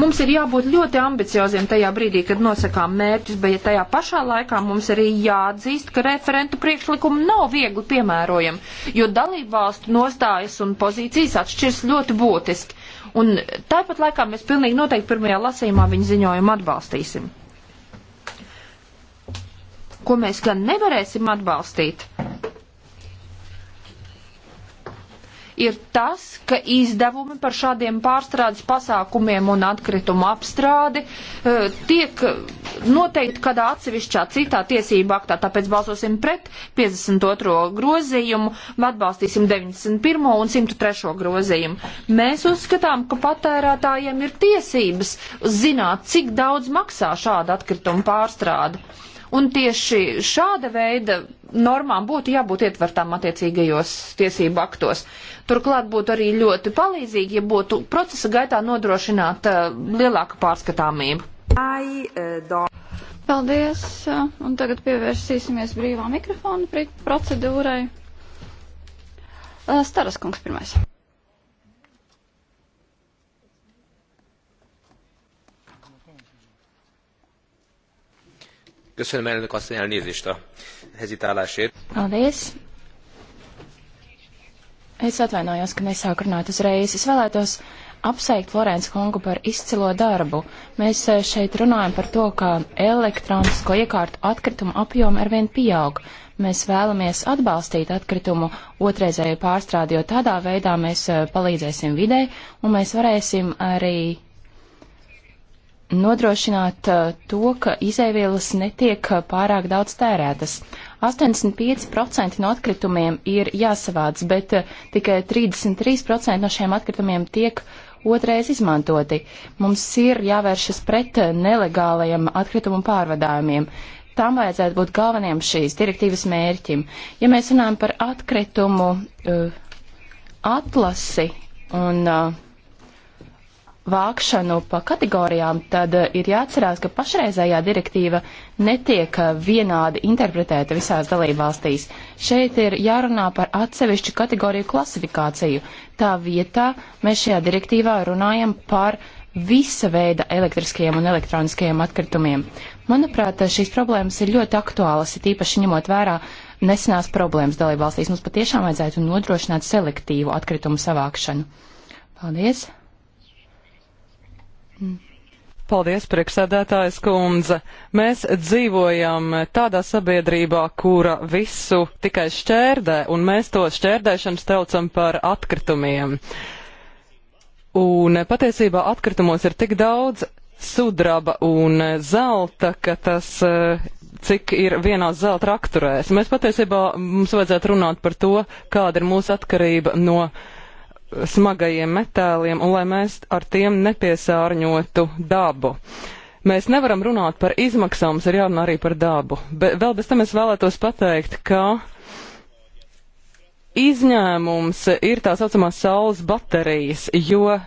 Mums ir jābūt ļoti ambicioziem tajā brīdī, kad nosakām mērķus, bet ja tajā pašā laikā mums arī jāatzīst, ka referentu priekšlikumi nav viegli piemērojami, jo dalību valstu nostājas un pozīcijas atšķirs ļoti būtiski. Un tāpat laikā mēs pilnīgi noteikti pirmajā lasījumā viņa ziņojumu atbalstīsim. Ko mēs gan nevarēsim atbalstīt, ir tas, ka izdevumi par šādiem pārstrādes pasākumiem un atkritumu apstrādi e, tiek noteikti kādā atsevišķā citā tiesība aktā. Tāpēc balsosim pret 52. grozījumu, atbalstīsim 91. un 103. grozījumu. Mēs uzskatām, ka patērētājiem ir tiesības zināt, cik daudz maksā šāda atkrituma pārstrāde. Un tieši šāda veida normām būtu jābūt ietvertām attiecīgajos tiesību aktos. Turklāt būtu arī ļoti palīdzīgi, ja būtu procesa gaitā nodrošināta lielāka pārskatāmība. Eh, Paldies, un tagad pievērsīsimies brīvā mikrofona procedūrai. Eh, Staras kungs pirmais. Köszönöm elnök asszony elnézést a hezitálásért. Paldies. Es atvainojos, ka nesāku runāt uzreiz. Es vēlētos apsveikt Florence kungu par izcilo darbu. Mēs eh, šeit runājam par to, ka elektronisko iekārtu atkritumu apjoma arvien pieaug. Mēs vēlamies atbalstīt atkritumu otrreizēju pārstrādi, jo tādā veidā mēs eh, palīdzēsim vidē un mēs varēsim arī nodrošināt uh, to, ka izēvielas netiek uh, pārāk daudz tērētas. 85% no atkritumiem ir jāsavāc, bet uh, tikai 33% no šiem atkritumiem tiek otrreiz izmantoti. Mums ir jāvēršas pret nelegālajiem atkritumu pārvadājumiem. Tam vajadzētu būt galvenajam šīs direktīvas mērķim. Ja mēs runājam par atkritumu uh, atlasi un uh, vākšanu pa kategorijām, tad eh, ir jāatcerās, ka pašreizējā direktīva netiek eh, vienādi interpretēta visās dalībvalstīs. Šeit ir jārunā par atsevišķu kategoriju klasifikāciju. Tā vietā mēs šajā direktīvā runājam par visa veida elektriskajiem un elektroniskajiem atkritumiem. Manuprāt, šīs problēmas ir ļoti aktuālas, ir īpaši ņemot vērā nesenās problēmas dalībvalstīs. Mums patiešām vajadzētu nodrošināt selektīvu atkritumu savākšanu. Paldies! Paldies, priekšsēdētājs kundze. Mēs dzīvojam tādā sabiedrībā, kura visu tikai šķērdē, un mēs to šķērdēšanu staucam par atkritumiem. Un patiesībā atkritumos ir tik daudz sudraba un zelta, ka tas cik ir vienā zelta rakturēs. Mēs patiesībā mums vajadzētu runāt par to, kāda ir mūsu atkarība no smagajiem metāliem un lai mēs ar tiem nepiesārņotu dabu. Mēs nevaram runāt par izmaksām, mums ir jārunā arī par dabu. Bet vēl bez tam es vēlētos pateikt, ka izņēmums ir tā saucamās saules baterijas, jo e,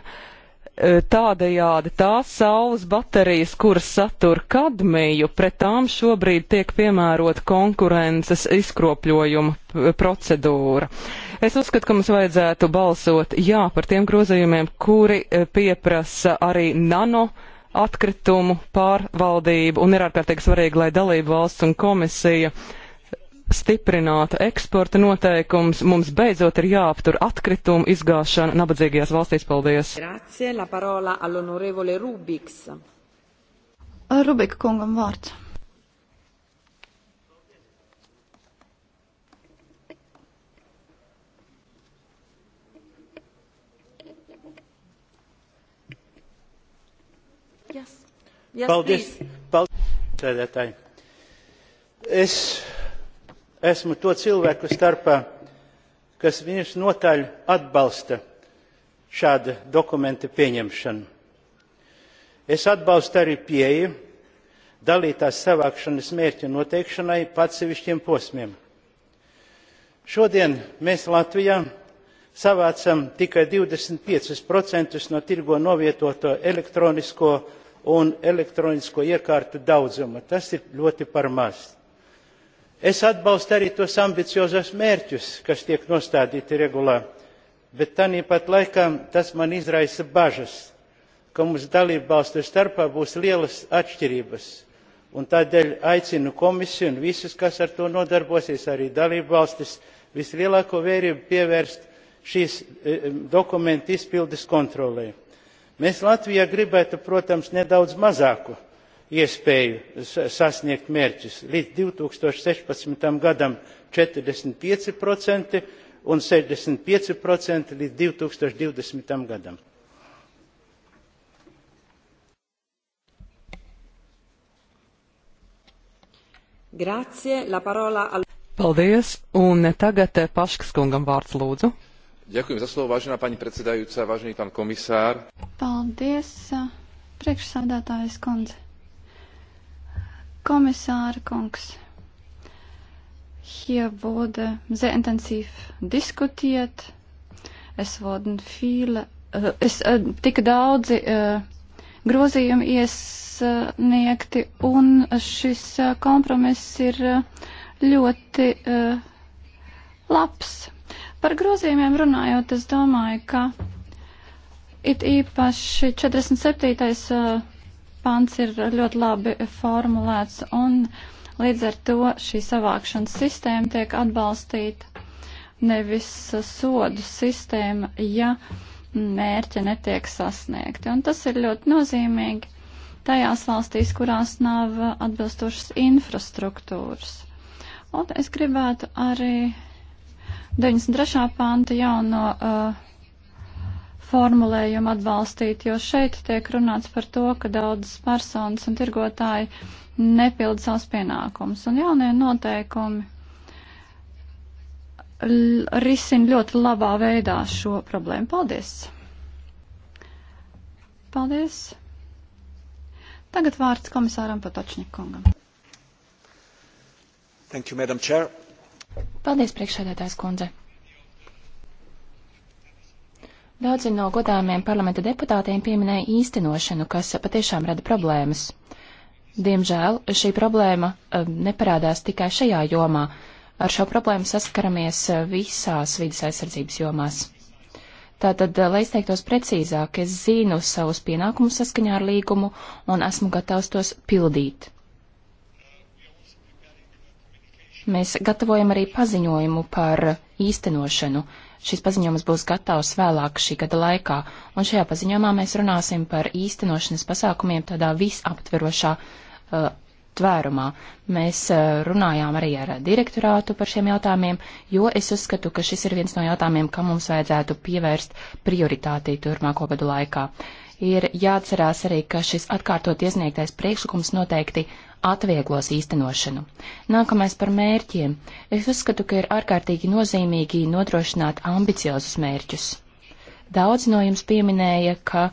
tādējādi tās saules baterijas, kuras satur kadmiju, pret tām šobrīd tiek piemērota konkurences izkropļojuma procedūra. Es uzskatu, ka mums vajadzētu balsot jā par tiem grozījumiem, kuri e, pieprasa arī nano atkritumu pārvaldību un ir ārkārtīgi svarīgi, lai dalību valsts un komisija stiprinātu eksporta noteikums. Mums beidzot ir jāaptur atkritumu izgāšana nabadzīgajās valstīs. Paldies! Grazie, la parola all'onorevole Rubiks. Rubika kungam vārds. Yes. Yes, paldies, paldies, sēdētāji. Es esmu to cilvēku starpā, kas vienas notaļ atbalsta šāda dokumenta pieņemšanu. Es atbalstu arī pieeju dalītās savākšanas mērķa noteikšanai pa atsevišķiem posmiem. Šodien mēs Latvijā savācam tikai 25% no tirgo novietoto elektronisko un elektronisko iekārtu daudzuma. Tas ir ļoti par maz. Es atbalstu arī tos ambiciozos mērķus, kas tiek nostādīti regulā, bet tāpat laikā tas man izraisa bažas, ka mums dalību valstu starpā būs lielas atšķirības. Un tādēļ aicinu komisiju un visus, kas ar to nodarbosies, arī dalību valstis, vislielāko vērību pievērst šīs e, dokumentu izpildes kontrolē mēs latvijā gribētu protams nedaudz mazāku iespēju sasniegt mērķus līdz two thousand and sixteen gadam forty five un sešdesmit pieci procenti līdz divi tūkstoši divdesmit gadam. Grazie, la parola al... Paldies, un tagad eh, Paškas kungam vārds lūdzu. Ďakujem za slovo, vážená pani predsedajúca, vážený pán komisár. Paldies, priekšsādātājas kundze. Komisāra kungs, hier wurde sehr intensiv diskutiert. Es wurden viele, äh, es äh, tika daudzi äh, grozījumi iesniegti, un šis äh, kompromiss ir äh, ļoti äh, labs. Par grozījumiem runājot, es domāju, ka It īpaši 47. pants ir ļoti labi formulēts un līdz ar to šī savākšanas sistēma tiek atbalstīta nevis sodu sistēma, ja mērķi netiek sasniegti. Un tas ir ļoti nozīmīgi tajās valstīs, kurās nav atbilstošas infrastruktūras. Un es gribētu arī 93. panta jauno uh, formulējumu atbalstīt, jo šeit tiek runāts par to, ka daudzas personas un tirgotāji nepilda savus pienākumus. Un jaunie noteikumi risina ļoti labā veidā šo problēmu. Paldies! Paldies! Tagad vārds komisāram Patočnikungam. Thank you, Madam Chair. Paldies, priekšsēdētājs kundze. Daudzi no godāmiem parlamenta deputātiem pieminēja īstenošanu, kas patiešām rada problēmas. Diemžēl šī problēma eh, neparādās tikai šajā jomā. Ar šo problēmu saskaramies eh, visās vidas aizsardzības jomās. Tātad, eh, lai izteiktos precīzāk, es zinu savus pienākumus saskaņā ar līgumu un esmu gatavs tos pildīt. Mēs gatavojam arī paziņojumu par īstenošanu. Šis paziņojums būs gatavs vēlāk šī gada laikā, un šajā paziņojumā mēs runāsim par īstenošanas pasākumiem tādā visaptverošā uh, tvērumā. Mēs uh, runājām arī ar direktorātu par šiem jautājumiem, jo es uzskatu, ka šis ir viens no jautājumiem, kam mums vajadzētu pievērst prioritāti turpmāko gadu laikā. Uh, ir jāatcerās arī, ka šis atkārtot iesniegtais priekšlikums noteikti atvieglos īstenošanu. Nākamais par mērķiem. Es uzskatu, ka ir ārkārtīgi nozīmīgi nodrošināt ambiciozus mērķus. Daudz no jums pieminēja, ka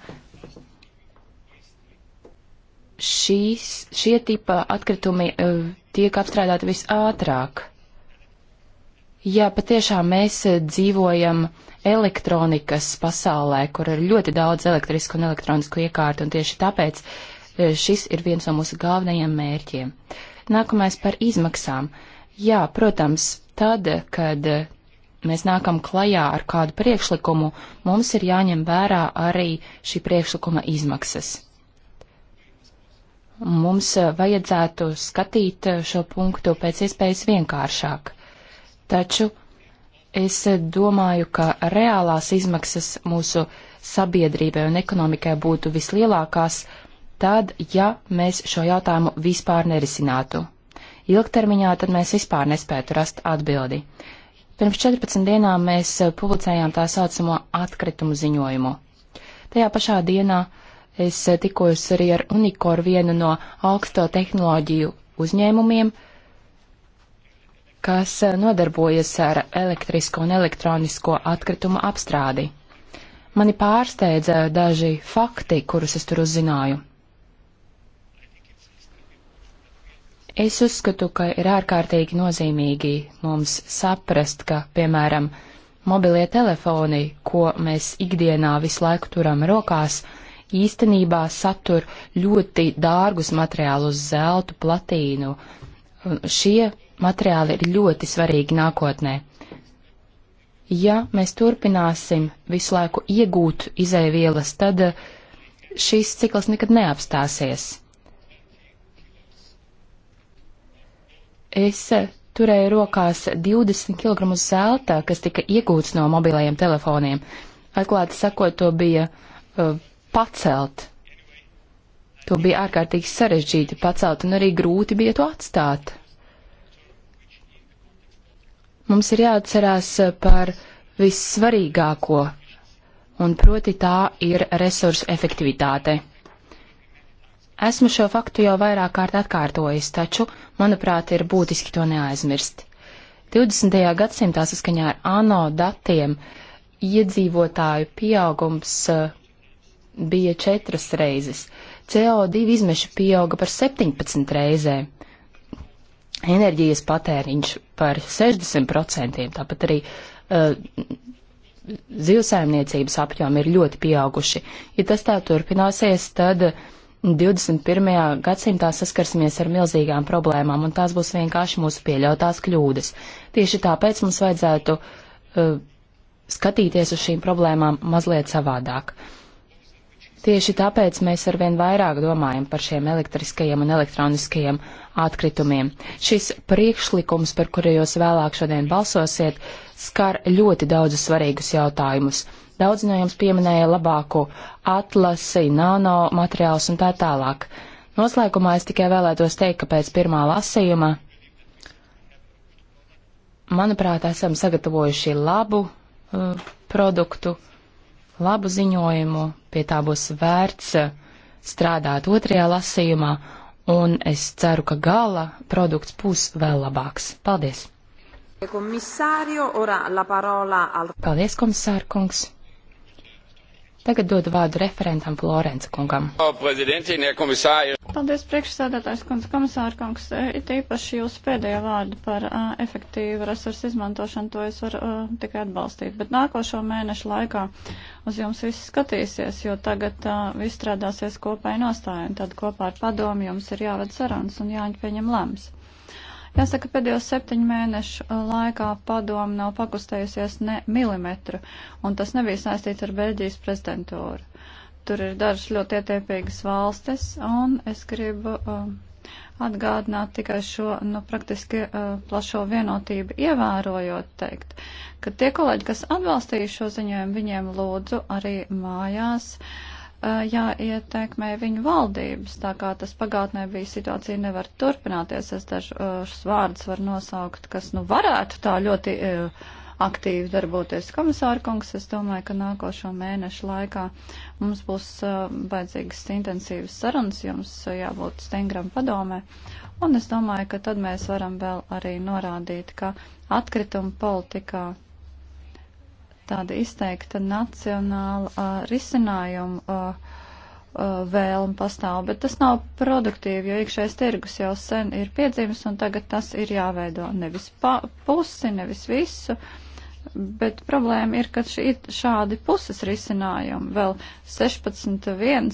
šīs, šie tipa atkritumi eh, tiek apstrādāti visātrāk. Ja patiešām mēs eh, dzīvojam elektronikas pasaulē, kur ir ļoti daudz elektrisku un elektronisku iekārtu, un tieši tāpēc eh, šis ir viens no mūsu galvenajiem mērķiem. Nākamais par izmaksām. Jā, protams, tad, kad eh, mēs nākam klajā ar kādu priekšlikumu, mums ir jāņem vērā arī šī priekšlikuma izmaksas. Mums vajadzētu skatīt šo punktu pēc iespējas vienkāršāk taču es domāju, ka reālās izmaksas mūsu sabiedrībai un ekonomikai būtu vislielākās, tad, ja mēs šo jautājumu vispār nerisinātu. Ilgtermiņā tad mēs vispār nespētu rast atbildi. Pirms 14 dienām mēs publicējām tā saucamo atkritumu ziņojumu. Tajā pašā dienā es tikos arī ar Unikoru vienu no augsto tehnoloģiju uzņēmumiem, uh, kas eh, nodarbojas ar elektrisko un elektronisko atkritumu apstrādi. Mani pārsteidza daži fakti, kurus es tur uzzināju. Es uzskatu, ka ir ārkārtīgi nozīmīgi mums saprast, ka, piemēram, mobilie telefoni, ko mēs ikdienā visu laiku turam rokās, īstenībā satur ļoti dārgus materiālus - zeltu, platīnu. Šie materiāli ir ļoti svarīgi nākotnē. Ja mēs turpināsim visu laiku iegūt izēvielas, tad eh, šīs cikls nekad neapstāsies. Es eh, turēju rokās 20 kg zelta, kas tika iegūts no mobilajiem telefoniem. Atklāti sakot, to bija uh, pacelt. To bija ārkārtīgi sarežģīti pacelt, un arī grūti bija to atstāt. Mums ir jāatcerās eh, par vissvarīgāko, un proti tā ir resursu efektivitāte. Esmu šo faktu jau vairāk kārt atkārtojis, taču, manuprāt, ir būtiski to neaizmirst. 20. gadsimtā saskaņā ar ANO datiem iedzīvotāju pieaugums eh, bija četras reizes, CO2 izmeši pieauga par 17 reizēm enerģijas patēriņš par 60%, tāpat arī uh, zivsaimniecības apjomi ir ļoti pieauguši. Ja tas tā turpināsies, tad 21. gadsimtā saskarsimies ar milzīgām problēmām, un tās būs vienkārši mūsu pieļautās kļūdas. Tieši tāpēc mums vajadzētu uh, skatīties uz šīm problēmām mazliet savādāk. Uh, Tieši tāpēc mēs arvien vairāk domājam par šiem elektriskajiem un elektroniskajiem atkritumiem. Šis priekšlikums, par kuru jūs vēlāk šodien balsosiet, skar ļoti daudzus svarīgus jautājumus. Daudz no jums pieminēja labāku atlasi, nano materiālus un tā tālāk. Noslēgumā es tikai vēlētos teikt, ka pēc pirmā lasījuma, manuprāt, esam sagatavojuši labu uh, produktu labu ziņojumu, pie tā būs vērts strādāt otrajā lasījumā, un es ceru, ka gala produkts būs vēl labāks. Paldies! Paldies, komisār kungs! Tagad dodu vārdu referentam Florence kungam. Paldies, priekšsēdētājs kundze, komisāra kungs. E, it īpaši jūsu pēdējo vārdu par uh, efektīvu resursu izmantošanu, to es varu uh, tikai atbalstīt. Bet nākošo mēnešu laikā uz jums viss skatīsies, jo tagad uh, viss strādāsies kopēji nostāju, un tad kopā ar padomu jums ir jāved sarunas un jāņem pieņem lēmums. Jāsaka, pēdējo septiņu mēnešu laikā padomu nav pakustējusies ne milimetru, un tas nebija saistīts ar Beļģijas prezidentūru. Tur ir dažas ļoti ietiepīgas valstis, un es gribu uh, atgādināt tikai šo, nu, praktiski uh, plašo vienotību ievērojot teikt, ka tie kolēģi, kas atbalstīja šo ziņojumu, viņiem lūdzu arī mājās. Uh, Uh, jāietekmē viņu valdības, tā kā tas pagātnē bija situācija nevar turpināties. Es dažus vārdus varu nosaukt, kas nu varētu tā ļoti uh, aktīvi darboties. Komisāra kungs, es domāju, ka nākošo mēnešu laikā mums būs uh, vajadzīgas intensīvas sarunas, jums jābūt stingram padomē. Un es domāju, ka tad mēs varam vēl arī norādīt, ka atkrituma politikā tāda izteikta nacionāla uh, risinājuma uh, uh, vēlme pastāv, bet tas nav produktīvi, jo iekšējais tirgus jau sen ir piedzīvis un tagad tas ir jāveido nevis pa, pusi, nevis visu. Bet problēma ir, ka šī, šādi puses risinājumi vēl 16.1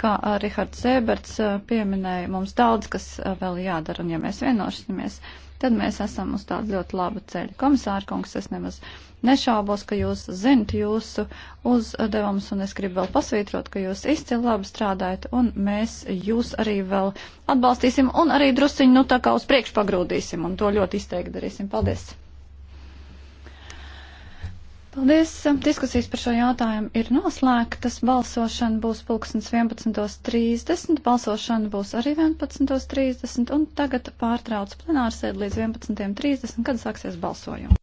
kā Rihards Zēberts pieminēja, mums daudz, kas vēl jādara, un ja mēs vienosimies, tad mēs esam uz tādu ļoti labu ceļu. Komisārkungs, es nemaz Nešaubos, ka jūs zinat jūsu uzdevums, un es gribu vēl pasvītrot, ka jūs izcili labi strādājat, un mēs jūs arī vēl atbalstīsim, un arī drusciņu, nu, tā kā uz priekšu pagrūdīsim, un to ļoti izteikti darīsim. Paldies! Paldies! Diskusijas par šo jautājumu ir noslēgtas. Balsošana būs pulkstens 11.30, balsošana būs arī 11.30, un tagad pārtrauc plenārsēdi līdz 11.30, kad sāksies balsojums.